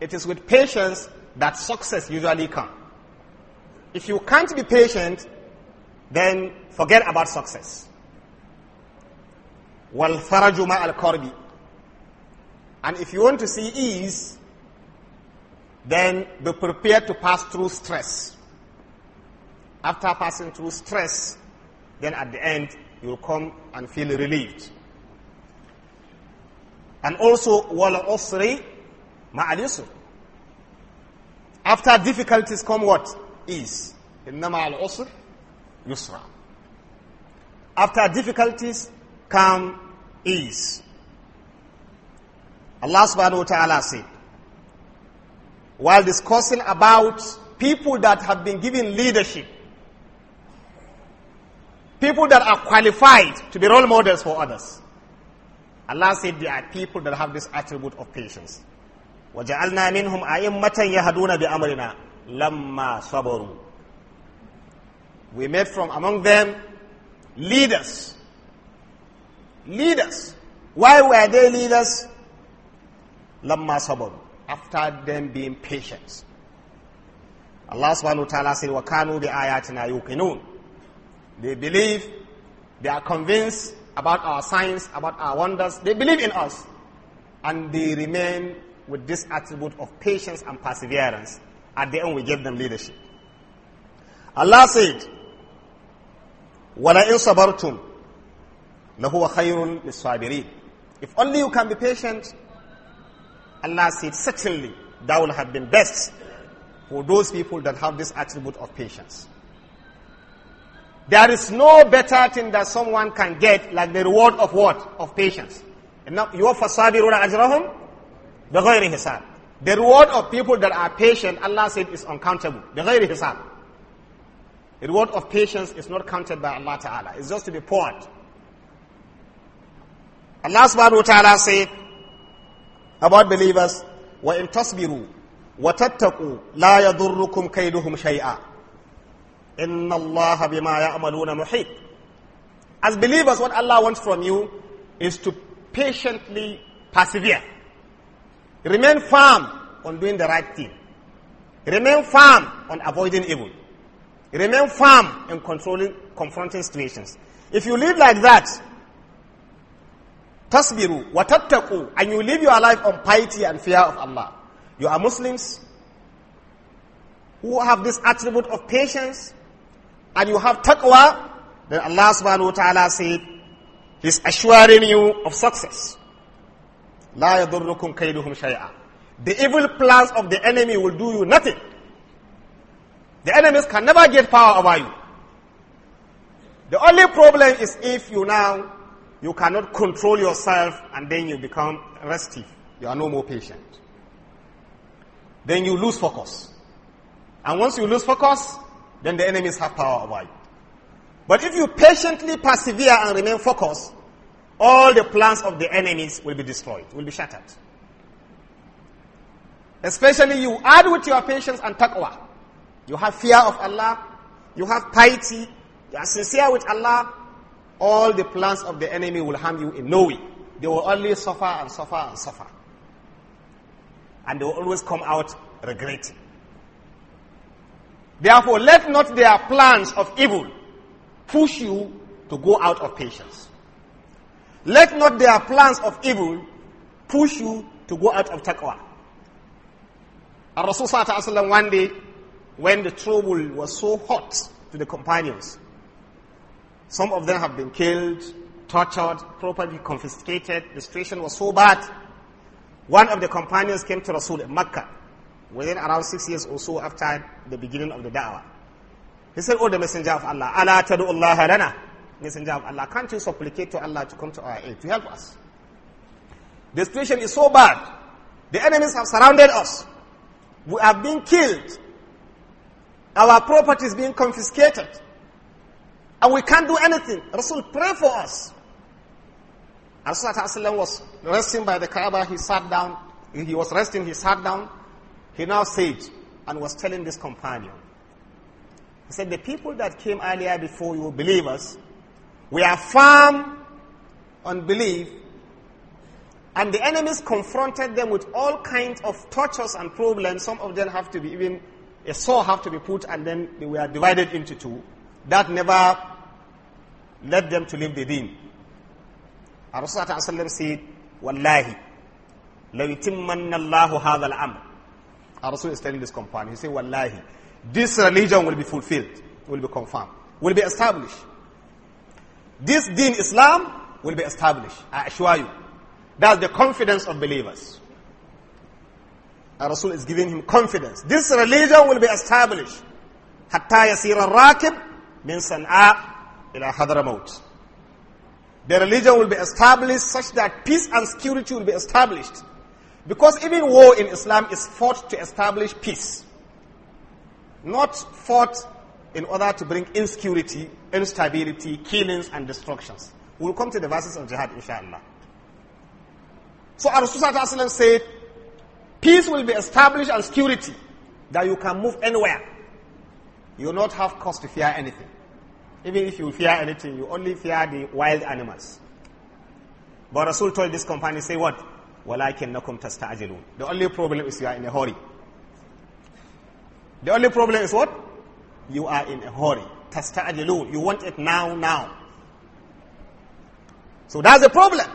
Speaker 1: It is with patience that success usually comes. If you can't be patient, then forget about success wal faraju al korbi. And if you want to see ease, then be prepared to pass through stress. After passing through stress, then at the end, you'll come and feel relieved. And also, wal usri ma'al yusr. After difficulties come what? Ease. Innama al usr yusra. After difficulties come is. Allah subhanahu wa ta'ala said, while discussing about people that have been given leadership, people that are qualified to be role models for others. Allah said there are people that have this attribute of patience. وَجَعَلْنَا مِنْهُمْ أَئِمَّةً يَهَدُونَ بِأَمْرِنَا لَمَّا صَبَرُوا We made from among them leaders leaders. Why were they leaders? Lamma sabr. After them being patient. Allah subhanahu wa ta'ala said, وَكَانُوا بِآيَاتِنَا يُوقِنُونَ They believe, they are convinced about our signs, about our wonders. They believe in us. And they remain with this attribute of patience and perseverance. At the end, we give them leadership. Allah said, وَلَئِن صَبَرْتُمْ لَهُوَ خَيْرٌ لِلصَّابِرِينَ If only you can be patient, Allah said, certainly, that will have been best for those people that have this attribute of patience. There is no better thing that someone can get like the reward of what? Of patience. يُوَفَّ الصَّابِرُونَ أَجْرَهُمْ بِغَيْرِ حِسَابٍ The reward of people that are patient, Allah said, is uncountable. بِغَيْرِ حِسَابٍ The reward of patience is not counted by Allah Ta'ala. It's just to be poured Allah subhanahu wa ta'ala said about believers, وَإِن تَصْبِرُوا وَتَتَّقُوا لَا يَضُرُّكُمْ كَيْدُهُمْ شَيْئًا إِنَّ اللَّهَ بِمَا يَعْمَلُونَ مُحِيطٌ As believers, what Allah wants from you is to patiently persevere. Remain firm on doing the right thing. Remain firm on avoiding evil. Remain firm in controlling confronting situations. If you live like that, tasbiru wa and you live your life on piety and fear of Allah. You are Muslims who have this attribute of patience and you have taqwa, then Allah subhanahu wa ta'ala said, He's assuring you of success. لا يضركم كيدهم شيئا. The evil plans of the enemy will do you nothing. The enemies can never get power over you. The only problem is if you now you cannot control yourself and then you become restive. You are no more patient. Then you lose focus. And once you lose focus, then the enemies have power over you. But if you patiently persevere and remain focused, all the plans of the enemies will be destroyed, will be shattered. Especially you add with your patience and taqwa. You have fear of Allah, you have piety, you are sincere with Allah, all the plans of the enemy will harm you in no way. They will only suffer and suffer and suffer. And they will always come out regretting. Therefore, let not their plans of evil push you to go out of patience. Let not their plans of evil push you to go out of taqwa. And Rasul one day, when the trouble was so hot to the companions, some of them have been killed, tortured, property confiscated. The situation was so bad. One of the companions came to Rasul in Mecca within around six years or so after the beginning of the da'wah. He said, Oh, the messenger of Allah, Allah Allah lana. Messenger of Allah, can't you supplicate to Allah to come to our aid, to help us? The situation is so bad. The enemies have surrounded us. We have been killed. Our property is being confiscated and we can't do anything. Rasul, pray for us. And Rasulullah was resting by the Kaaba, he sat down, he was resting, he sat down. He now said, and was telling this companion, he said, The people that came earlier before you, believers, we are firm on belief, and the enemies confronted them with all kinds of tortures and problems. Some of them have to be even, a saw have to be put, and then they were divided into two that never led them to leave the deen. Rasulullah said, Wallahi, لَيُتِمَّنَّ اللَّهُ هَذَا الْأَمْرِ Rasul is telling this companion, he said, Wallahi, this religion will be fulfilled, will be confirmed, will be established. This deen, Islam, will be established, I assure you. That's the confidence of believers. Our Rasul is giving him confidence. This religion will be established. حَتَّى يَسِيرَ الرَّاكِبُ min Sana'a ila Hadramaut. The religion will be established such that peace and security will be established. Because even war in Islam is fought to establish peace, not fought in order to bring insecurity, instability, killings, and destructions. We'll come to the verses of jihad, inshallah. So, our Rasulullah said, Peace will be established and security that you can move anywhere you will not have cause to fear anything. Even if you fear anything, you only fear the wild animals. But Rasul told this companion, say what? وَلَكِنَّكُمْ تَسْتَعْجِلُونَ The only problem is you are in a hurry. The only problem is what? You are in a hurry. تَسْتَعْجِلُونَ You want it now, now. So that's the problem.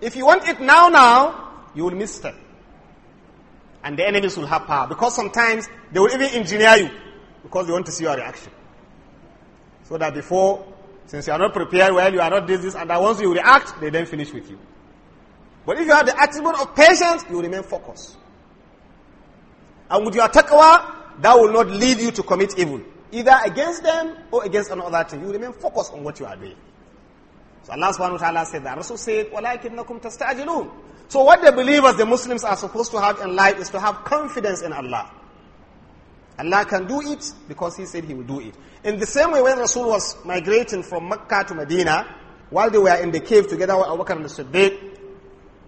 Speaker 1: If you want it now, now, you will miss it, And the enemies will have power. Because sometimes they will even engineer you because we want to see your reaction. So that before, since you are not prepared well, you are not this, this, and that once you react, they then finish with you. But if you have the attitude of patience, you remain focused. And with your taqwa, that will not lead you to commit evil, either against them or against another thing. You remain focused on what you are doing. So Allah subhanahu wa ta'ala said that. Rasul said, وَلَكِنَّكُمْ تَسْتَعْجِلُونَ So what the believers, the Muslims are supposed to have in life is to have confidence in Allah. Allah can do it because He said He will do it. In the same way, when Rasul was migrating from Mecca to Medina, while they were in the cave together with Abu Bakr and Siddiq,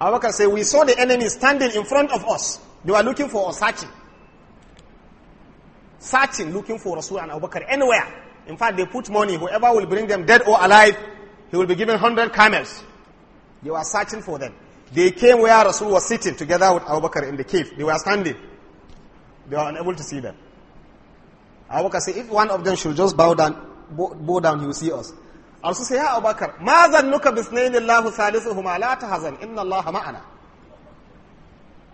Speaker 1: Abu Bakr said, We saw the enemy standing in front of us. They were looking for us, searching. Searching, looking for Rasul and Abu Bakr anywhere. In fact, they put money, whoever will bring them dead or alive, he will be given 100 camels. They were searching for them. They came where Rasul was sitting together with Abu Bakr in the cave. They were standing. They were unable to see them. Abu Bakr said, if one of them should just bow down, bow, down, he will see us. Also say, Ya Abu Bakr, مَا ظَنُّكَ بِثْنَيْنِ اللَّهُ ثَالِثُهُمَا لَا تَحَزَنْ إِنَّ اللَّهَ مَعَنَا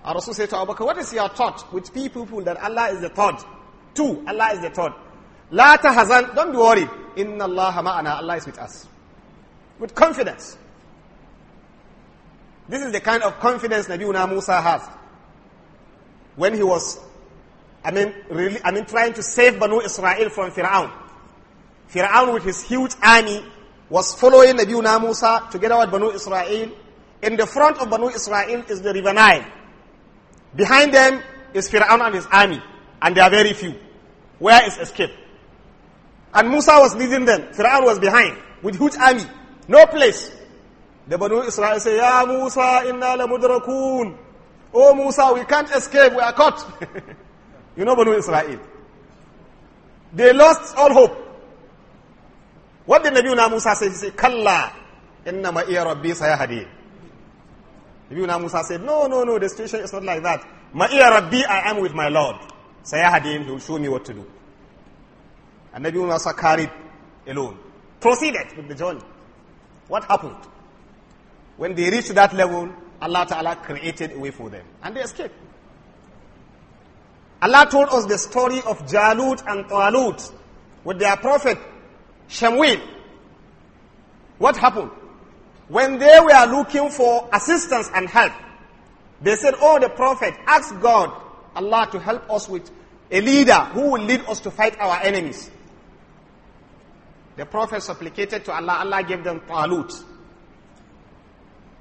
Speaker 1: I Rasul say to Abu Bakr, what is your thought with people that Allah is the third? Two, Allah is the third. لَا تَحَزَنْ Don't be worried. إِنَّ اللَّهَ مَعَنَا Allah is with us. With confidence. This is the kind of confidence Nabiuna Musa has. When he was I mean, really, I mean, trying to save Banu Israel from Fir'aun. Fir'aun with his huge army was following Nabiuna Musa together with Banu Israel. In the front of Banu Israel is the river Nile. Behind them is Fir'aun and his army, and they are very few. Where is escape? And Musa was leading them. Fir'aun was behind with huge army. No place. The Banu Israel say, Ya Musa, inna la mudrakun. Oh Musa, we can't escape. We are caught. You know Banu Israel. They lost all hope. What did Nabiuna Musa say? He said, Kalla, innama iya rabbi sayahadi. Nabiuna Musa said, no, no, no, the situation is not like that. My iya rabbi, I am with my Lord. Sayahadi, he will show me what to do. And Nabiuna Musa carried alone. Proceeded with the journey. What happened? When they reached that level, Allah Ta'ala created a way for them. And they escaped. Allah told us the story of Jalut and Talut with their prophet Shemuel. What happened? When they were looking for assistance and help, they said, Oh, the prophet, ask God, Allah, to help us with a leader who will lead us to fight our enemies. The prophet supplicated to Allah, Allah gave them Talut.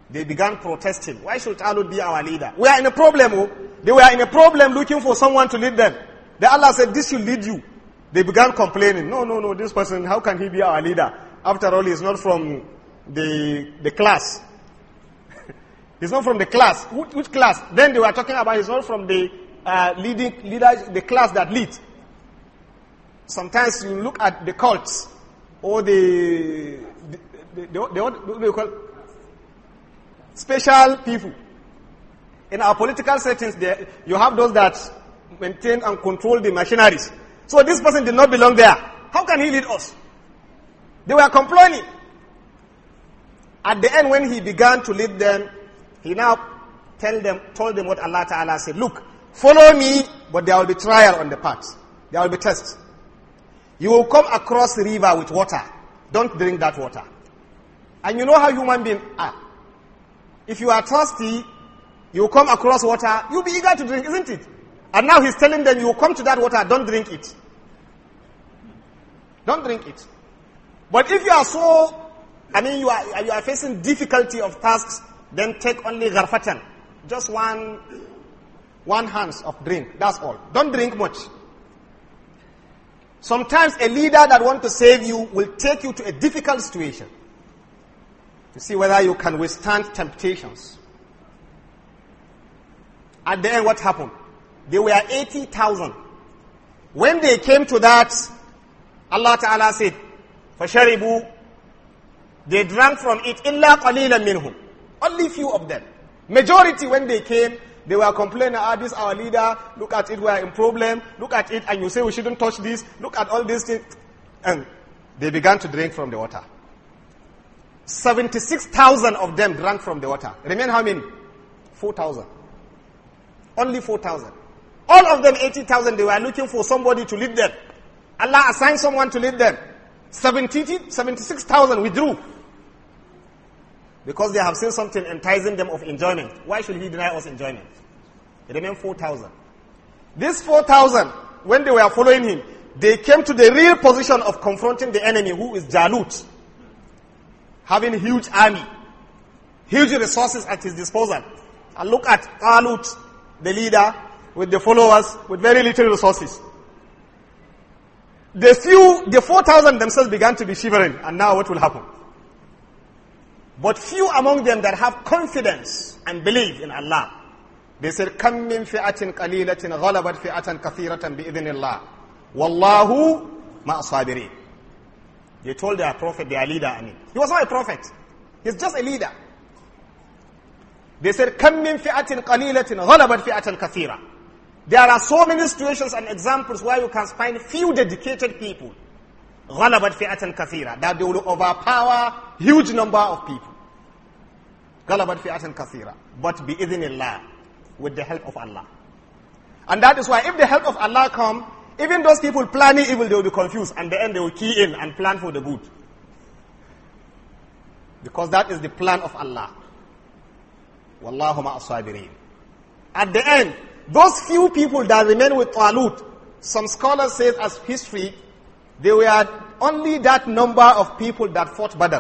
Speaker 1: They began protesting. Why should Talut be our leader? We are in a problem. Oh. They were in a problem looking for someone to lead them. The Allah said, this should lead you. They began complaining. No, no, no, this person, how can he be our leader? After all, he's not from the, the class. he's not from the class. Which, which, class? Then they were talking about he's not from the uh, leading leader, the class that leads. Sometimes you look at the cults or the, the, the, the, the, the, the special people. In our political settings, there, you have those that maintain and control the machineries. So this person did not belong there. How can he lead us? They were complaining. At the end, when he began to lead them, he now tell them, told them what Allah Ta'ala said. Look, follow me, but there will be trial on the path. There will be tests. You will come across the river with water. Don't drink that water. And you know how human beings are. If you are thirsty, you come across water, you'll be eager to drink, isn't it? And now he's telling them, you come to that water, don't drink it. Don't drink it. But if you are so, I mean, you are, you are facing difficulty of tasks, then take only garfatan, Just one, one hands of drink. That's all. Don't drink much. Sometimes a leader that wants to save you will take you to a difficult situation to see whether you can withstand temptations. At the end, what happened? They were 80,000. When they came to that, Allah Ta'ala said, فَشَرِبُوا They drank from it, إِلَّا قَلِيلًا مِنْهُمْ Only few of them. Majority, when they came, they were complaining, ah, this our leader, look at it, we are in problem, look at it, and you say we shouldn't touch this, look at all these things. And they began to drink from the water. 76,000 of them drank from the water. Remain how many? 4,000. Only 4,000. All of them, 80,000, they were looking for somebody to lead them. Allah assigned someone to lead them. 76,000 withdrew. Because they have seen something enticing them of enjoyment. Why should he deny us enjoyment? It remained 4,000. These 4,000, when they were following him, they came to the real position of confronting the enemy who is Jalut. Having a huge army, huge resources at his disposal. And look at Talut, the leader, with the followers, with very little resources. The few, the 4,000 themselves began to be shivering, and now what will happen? But few among them that have confidence and believe in Allah, they said, كَمْ مِنْ فِئَةٍ قَلِيلَةٍ غَلَبَتْ فِئَةً كَثِيرَةً بِإِذْنِ اللَّهِ وَاللَّهُ مَا صَابِرِينَ They told their prophet, their leader, I mean. He was not a prophet. He's just a leader. They said, كَمْ مِنْ فِئَةٍ قَلِيلَةٍ غَلَبَتْ فِئَةً kathira." There are so many situations and examples where you can find few dedicated people. غَلَبَتْ فِئَةً kathira, That they will overpower huge number of people. غَلَبَتْ فِئَةً kathira, But بِإِذْنِ With the help of Allah. And that is why if the help of Allah come, even those people planning evil, they will be confused. And the end they will key in and plan for the good. Because that is the plan of Allah. Wallahu ma'asabirin. At the end, those few people that remain with Talut, some scholars say as history, they were only that number of people that fought Badr.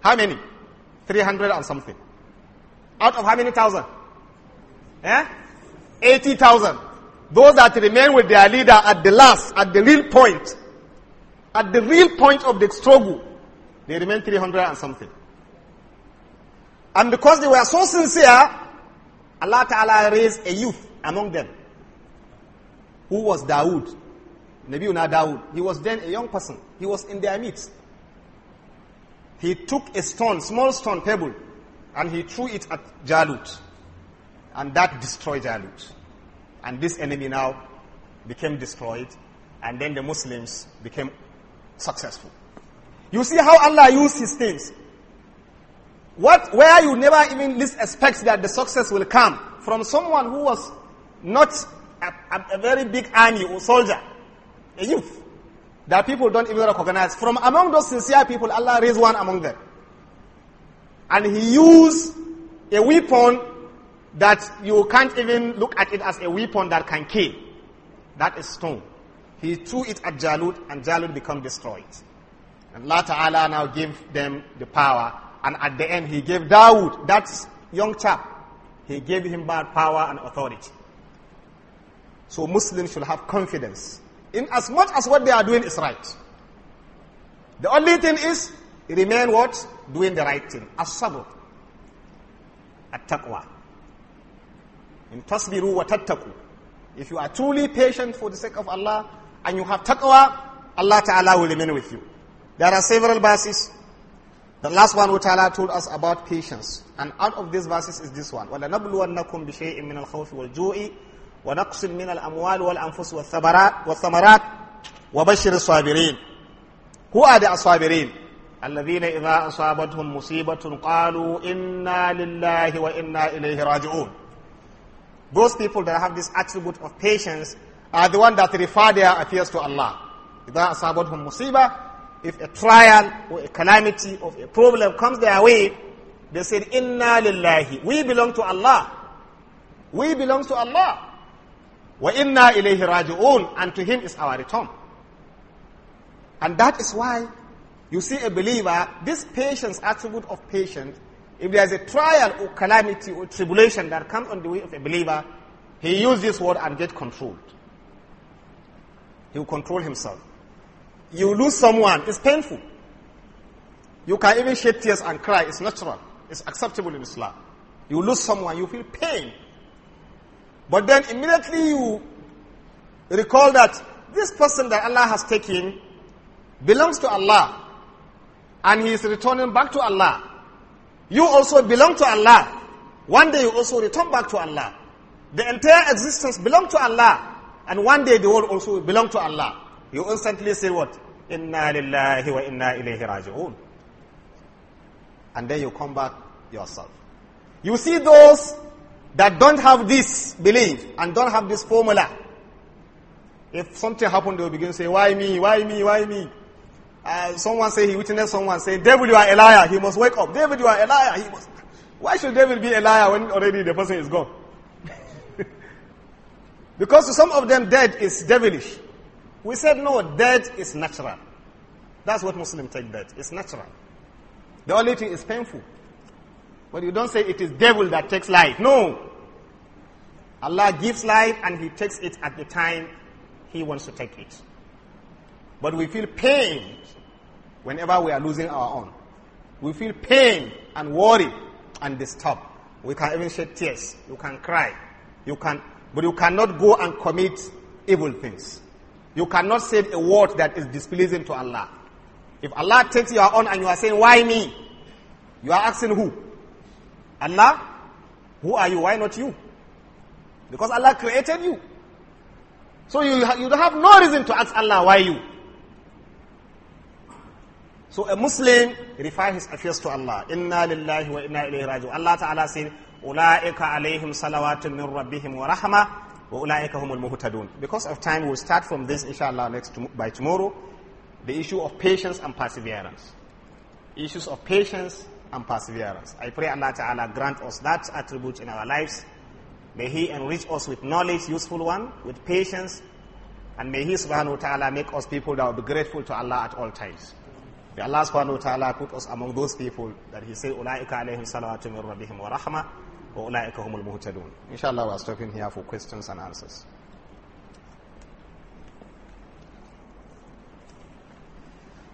Speaker 1: How many? 300 and something. Out of how many thousand? Eh? 80,000. Those that remain with their leader at the last, at the real point, at the real point of the struggle, they remain 300 and something. And because they were so sincere, Allah Ta'ala raised a youth among them. Who was Dawood? Nabiuna Dawood. He was then a young person. He was in their midst. He took a stone, small stone, pebble, and he threw it at Jalut. And that destroyed Jalut. And this enemy now became destroyed. And then the Muslims became successful. You see how Allah used his things. What, where you never even least expect that the success will come from someone who was not a, a, a very big army or soldier, a youth, that people don't even recognize. From among those sincere people, Allah raised one among them. And he used a weapon that you can't even look at it as a weapon that can kill. That is stone. He threw it at Jalut and Jalut became destroyed. And Allah Ta'ala now gave them the power and at the end, he gave Dawood, that young chap, he gave him bad power and authority. So Muslims should have confidence in as much as what they are doing is right. The only thing is, remain what? Doing the right thing. As-sabr. At-taqwa. In tasbiru wa tattaku. If you are truly patient for the sake of Allah, and you have taqwa, Allah Ta'ala will remain with you. There are several verses the last one which Allah told us about patience. And out of these verses is this one. وَلَنَبْلُوَنَّكُمْ بِشَيْءٍ مِّنَ الْخَوْفِ وَالْجُوءِ ونقص من الأموال والأنفس والثمرات وبشر الصابرين Who are the الصابرين الذين إذا أصابتهم مصيبة قالوا إنا لله وإنا إليه راجعون Those people that have this attribute of patience are the one that refer their affairs to Allah. إذا أصابتهم مصيبة if a trial or a calamity or a problem comes their way, they said, Inna lillahi. We belong to Allah. We belong to Allah. Wa inna ilayhi raji'un. And to Him is our return. And that is why you see a believer, this patience attribute of patience, if there is a trial or calamity or tribulation that comes on the way of a believer, he uses this word and get controlled. He will control himself you lose someone, it's painful. You can even shed tears and cry, it's natural, it's acceptable in Islam. You lose someone, you feel pain. But then immediately you recall that this person that Allah has taken belongs to Allah and he is returning back to Allah. You also belong to Allah. One day you also return back to Allah. The entire existence belongs to Allah. And one day the world also will belong to Allah. You instantly say what? Inna lillahi wa inna ilayhi raji'un. And then you come back yourself. You see those that don't have this belief and don't have this formula. If something happened, they'll begin to say, why me, why me, why me? Uh, someone say he witnessed someone say, David, you are a liar. He must wake up. David, you are a liar. He must. Why should David be a liar when already the person is gone? because to some of them, dead is devilish. We said, no, death is natural. That's what Muslims take death. It's natural. The only thing is painful. But you don't say it is devil that takes life. No. Allah gives life and he takes it at the time he wants to take it. But we feel pain whenever we are losing our own. We feel pain and worry and disturb. We can even shed tears. You can cry. You can, but you cannot go and commit evil things. You cannot say a word that is displeasing to Allah. If Allah takes your own and you are saying, why me? You are asking who? Allah? Who are you? Why not you? Because Allah created you. So you, you have no reason to ask Allah, why you? So a Muslim refer his affairs to Allah. Inna lillahi wa inna ilayhi raji'un. Allah Ta'ala said, أُولَٰئِكَ عَلَيْهِمْ صَلَوَاتٌ مِّن رَبِّهِمْ وَرَحْمَةٌ because of time, we'll start from this, inshallah, next to, by tomorrow. The issue of patience and perseverance. Issues of patience and perseverance. I pray Allah Ta'ala grant us that attribute in our lives. May He enrich us with knowledge, useful one, with patience, and may He subhanahu wa ta'ala make us people that will be grateful to Allah at all times. May Allah subhanahu wa ta'ala put us among those people that He said, أُولَٰئِكَ عَلَيْهِمْ صَلَوَاتٌ مِّن رَّبِّهِمْ وَرَحْمَةٌ وَأُولَٰئِكَ هُمُ الْمُهْتَدُونَ Inshallah, we're stopping here for questions and answers.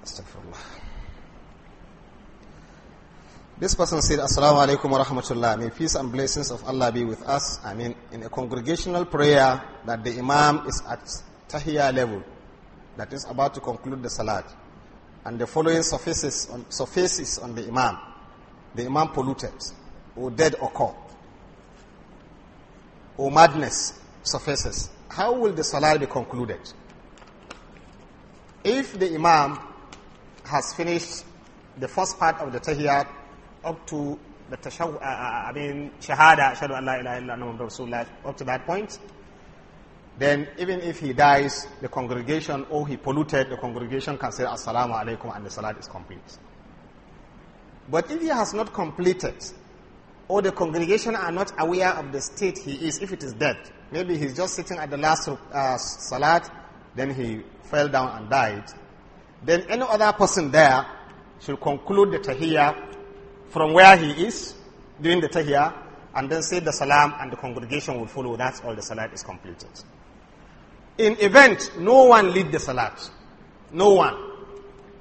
Speaker 1: Astaghfirullah. This person said, Assalamu alaikum wa rahmatullah. May peace and blessings of Allah be with us. I mean, in a congregational prayer that the Imam is at tahiyya level, that is about to conclude the salat, and the following surfaces on, surfaces on the Imam, the Imam polluted, or dead or caught or madness suffices, how will the salah be concluded? If the imam has finished the first part of the tahiyat up to the tashaw, uh, uh I mean shahada, shahadu an ilaha illa rasulullah, up to that point, then even if he dies, the congregation or he polluted, the congregation can say assalamu alaikum and the salat is complete. But if he has not completed or the congregation are not aware of the state he is if it is dead. Maybe he's just sitting at the last uh, salat, then he fell down and died. Then any other person there should conclude the tahiya from where he is during the tahiya, and then say the salam and the congregation will follow. That's all the salat is completed. In event, no one lead the salat. No one.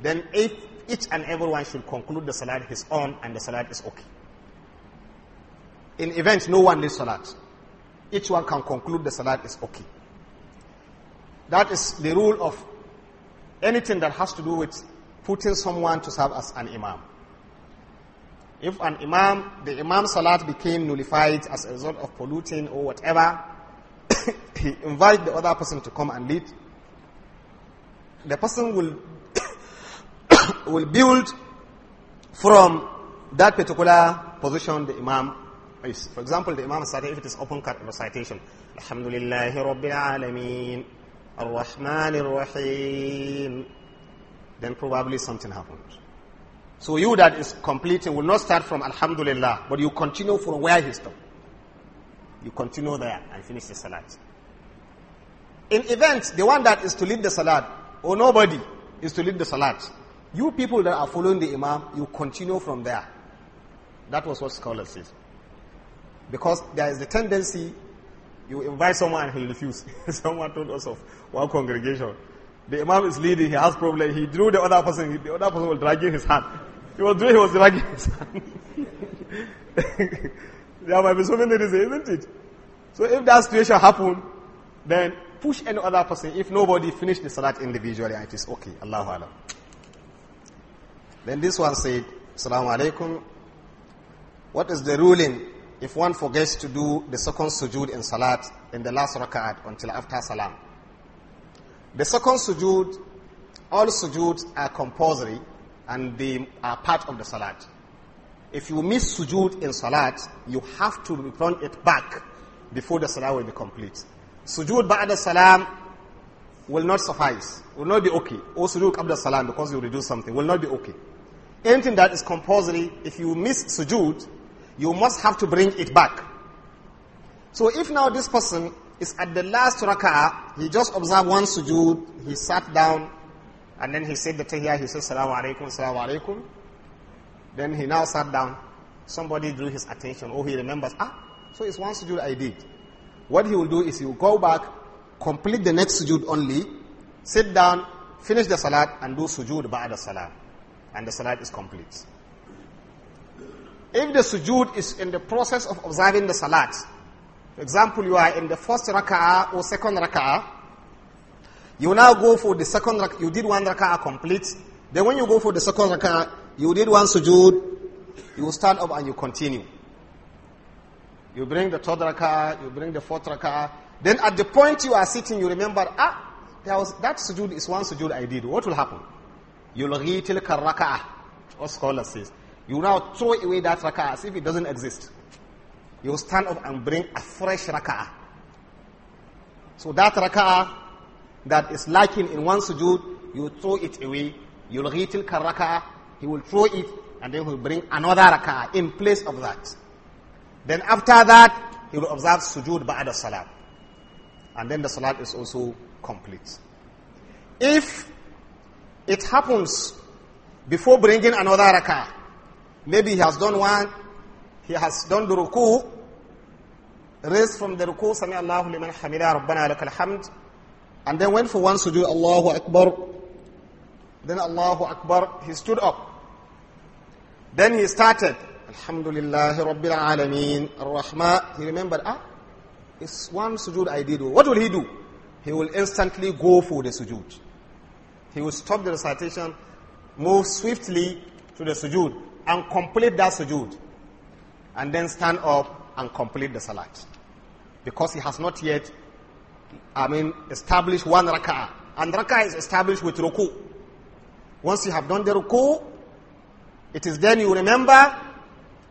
Speaker 1: Then if each and everyone should conclude the salat his own and the salat is okay. In events, no one leads salat. Each one can conclude the salat is okay. That is the rule of anything that has to do with putting someone to serve as an imam. If an imam, the imam's salat became nullified as a result of polluting or whatever, he invites the other person to come and lead. The person will, will build from that particular position the imam is. For example, the Imam started, if it is open cut recitation, Alhamdulillah, Rabbil Alameen, Ar-Rahman Ar-Rahim, then probably something happened. So you that is completing will not start from Alhamdulillah, but you continue from where he stopped. You continue there and finish the Salat. In events, the one that is to lead the Salat, or nobody is to lead the Salat, you people that are following the Imam, you continue from there. That was what scholars say. Because there is a tendency, you invite someone and he refuses. someone told us of one congregation. The imam is leading, he has problem, he drew the other person, the other person was dragging his hand. He was doing, he was dragging his hand. there might be so many reasons, isn't it? So if that situation happen, then push any other person. If nobody finish the salat individually, it is okay. Allahu Alam. Then this one said, Assalamu alaikum. What is the ruling if one forgets to do the second sujud in salat in the last rak'at until after salam. The second sujud, all sujuds are compulsory and they are part of the salat. If you miss sujud in salat, you have to return it back before the salat will be complete. Sujud ba'ad salam will not suffice, will not be okay. Or sujud qabla salam because you will do something, will not be okay. Anything that is compulsory, if you miss sujud, you must have to bring it back. So if now this person is at the last rak'ah, he just observed one sujood, he sat down, and then he said the tahiyyah, he said salamu alaykum, salamu alaykum. Then he now sat down. Somebody drew his attention, oh, he remembers, ah, so it's one sujood I did. What he will do is he will go back, complete the next sujood only, sit down, finish the salat, and do sujood ba'da salat. And the salat is complete. If the sujud is in the process of observing the salat, for example, you are in the first raka'ah or second raka'ah, you now go for the second raka'ah, you did one raka'ah complete, then when you go for the second raka'ah, you did one sujud, you stand up and you continue. You bring the third raka'ah, you bring the fourth raka'ah, then at the point you are sitting, you remember, ah, there was, that sujud is one sujud I did. What will happen? You'll read till raka'ah or scholar says. You now throw away that rak'ah as if it doesn't exist. You stand up and bring a fresh rak'ah. So that rak'ah that is lacking in one sujood, you throw it away. You'll retil rak'ah. He will throw it and then he'll bring another rak'ah in place of that. Then after that, he will observe sujood ba'da salam. And then the salat is also complete. If it happens before bringing another rak'ah, Maybe he has done one, he has done the ruku, raised from the ruku, Sami Allahu liman hamida, Rabbana lakal hamd, and then went for one sujood, Allahu Akbar, then Allahu Akbar, he stood up. Then he started, Alhamdulillah, Rabbil Alameen, Ar-Rahman, he remembered, ah, it's one sujood I did. What will he do? He will instantly go for the sujood. He will stop the recitation, move swiftly to the sujood, and complete that sujood. And then stand up and complete the salat. Because he has not yet, I mean, established one rak'ah. And rak'ah is established with ruku. Once you have done the ruku, it is then you remember,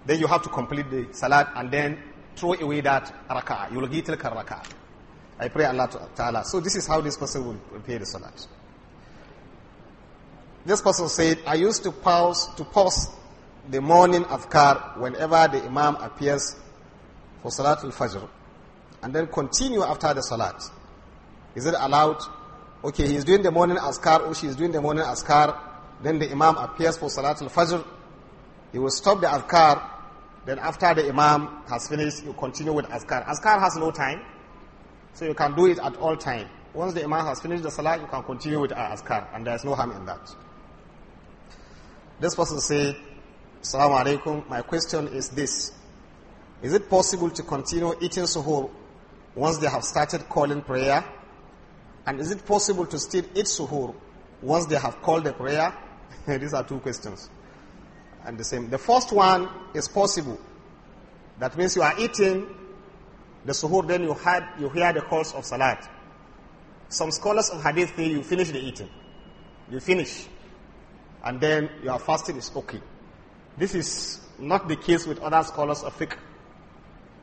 Speaker 1: then you have to complete the salat and then throw away that rak'ah. You will get the rak'ah. I pray Allah Ta'ala. So this is how this person will pay the salat. This person said, I used to pause, to pause the morning afkar whenever the imam appears for Salatul Fajr and then continue after the Salat. Is it allowed? Okay, he's doing the morning askar or she's doing the morning askar. Then the imam appears for Salatul Fajr. He will stop the askar. Then after the imam has finished, you continue with askar. Askar has no time. So you can do it at all time. Once the imam has finished the salat, you can continue with askar. And there is no harm in that. This person say, Assalamu alaikum. My question is this. Is it possible to continue eating suhoor once they have started calling prayer? And is it possible to still eat suhoor once they have called the prayer? These are two questions. And the same. The first one is possible. That means you are eating the suhoor, then you, had, you hear the calls of salat. Some scholars of hadith say you finish the eating. You finish. And then your fasting is okay. This is not the case with other scholars of fiqh,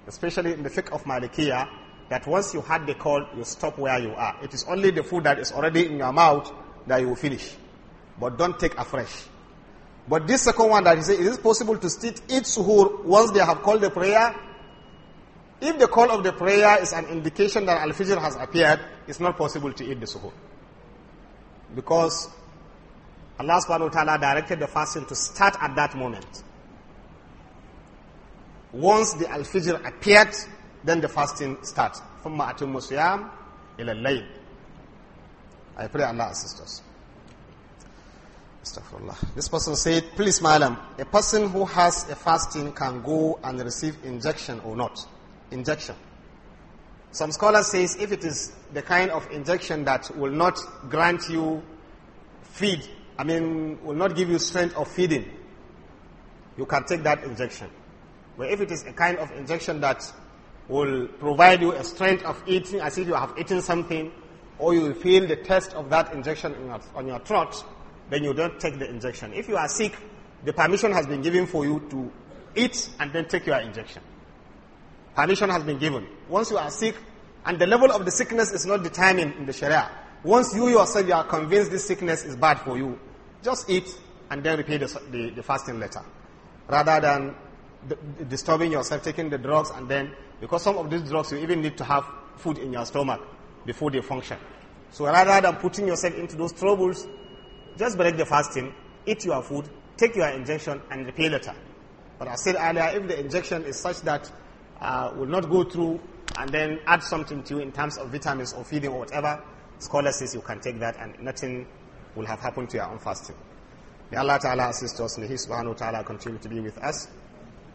Speaker 1: especially in the fiqh of Malikiya, that once you had the call, you stop where you are. It is only the food that is already in your mouth that you will finish. But don't take afresh. But this second one that he said, is it possible to eat suhoor once they have called the prayer? If the call of the prayer is an indication that Al-Fijr has appeared, it's not possible to eat the suhoor. Because Allah subhanahu wa ta'ala directed the fasting to start at that moment. Once the al-fijr appeared, then the fasting starts. From أَتِمُّ ila layl. I pray Allah assist us. Astaghfirullah. This person said, please madam, a person who has a fasting can go and receive injection or not. Injection. Some scholars say if it is the kind of injection that will not grant you feed I mean, will not give you strength of feeding, you can take that injection. But if it is a kind of injection that will provide you a strength of eating, as if you have eaten something, or you will feel the taste of that injection in your, on your throat, then you don't take the injection. If you are sick, the permission has been given for you to eat and then take your injection. Permission has been given. Once you are sick, and the level of the sickness is not determined in the Sharia, once you yourself you are convinced this sickness is bad for you, just eat and then repay the, the, the fasting later. Rather than disturbing yourself, taking the drugs, and then, because some of these drugs you even need to have food in your stomach before they function. So rather than putting yourself into those troubles, just break the fasting, eat your food, take your injection, and repay later. But I said earlier, if the injection is such that uh, will not go through and then add something to you in terms of vitamins or feeding or whatever, Scholar says you can take that and nothing will have happened to your own fasting. May Allah Ta'ala assist us. May He Subhanahu wa Ta'ala continue to be with us.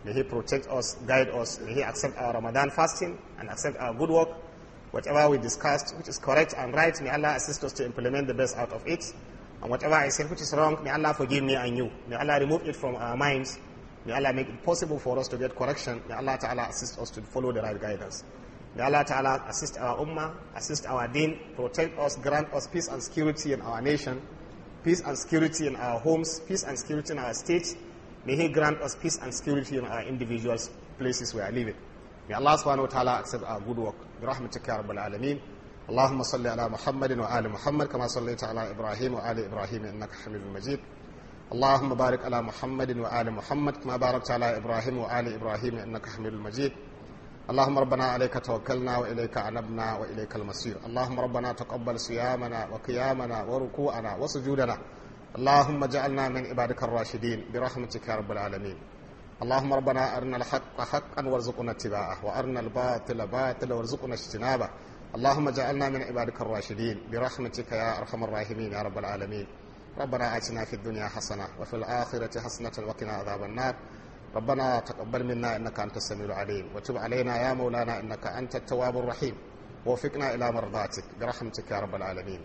Speaker 1: May He protect us, guide us. May He accept our Ramadan fasting and accept our good work. Whatever we discussed, which is correct and right, may Allah assist us to implement the best out of it. And whatever I said which is wrong, may Allah forgive me and you. May Allah remove it from our minds. May Allah make it possible for us to get correction. May Allah Ta'ala assist us to follow the right guidance. May Allah Ta'ala assist our ummah, assist our deen, protect us, grant us peace and security in our nation, peace and security in our homes, peace and security in our states. May He grant us peace and security in our individual places where I live. May Allah subhanahu wa ta'ala accept our good work. برحمتك يا رب العالمين. اللهم صل على محمد وآل محمد كما صليت على إبراهيم وآل إبراهيم إنك حميد مجيد. اللهم بارك على محمد وآل محمد كما باركت على إبراهيم وآل إبراهيم إنك حميد مجيد. اللهم ربنا عليك توكلنا وإليك عنبنا وإليك المصير اللهم ربنا تقبل صيامنا وقيامنا وركوعنا وسجودنا اللهم اجعلنا من عبادك الراشدين برحمتك يا رب العالمين اللهم ربنا أرنا الحق حقا وارزقنا اتباعه وأرنا الباطل باطلا وارزقنا اجتنابه اللهم اجعلنا من عبادك الراشدين برحمتك يا أرحم الراحمين يا رب العالمين ربنا آتنا في الدنيا حسنة وفي الآخرة حسنة وقنا عذاب النار ربنا تقبل منا إنك أنت السميع العليم وتب علينا يا مولانا إنك أنت التواب الرحيم ووفقنا إلى مرضاتك برحمتك يا رب العالمين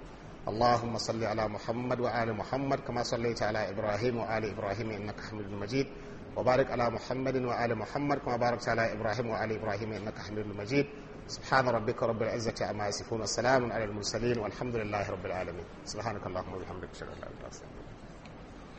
Speaker 1: اللهم صل على محمد وآل محمد كما صليت على إبراهيم وآل إبراهيم إنك حميد مجيد وبارك على محمد وآل محمد كما باركت على إبراهيم وآل إبراهيم إنك حميد مجيد سبحان ربك رب العزة عما يصفون السلام على المرسلين والحمد لله رب العالمين سبحانك اللهم وبحمدك أشهد أن لا إله إلا أنت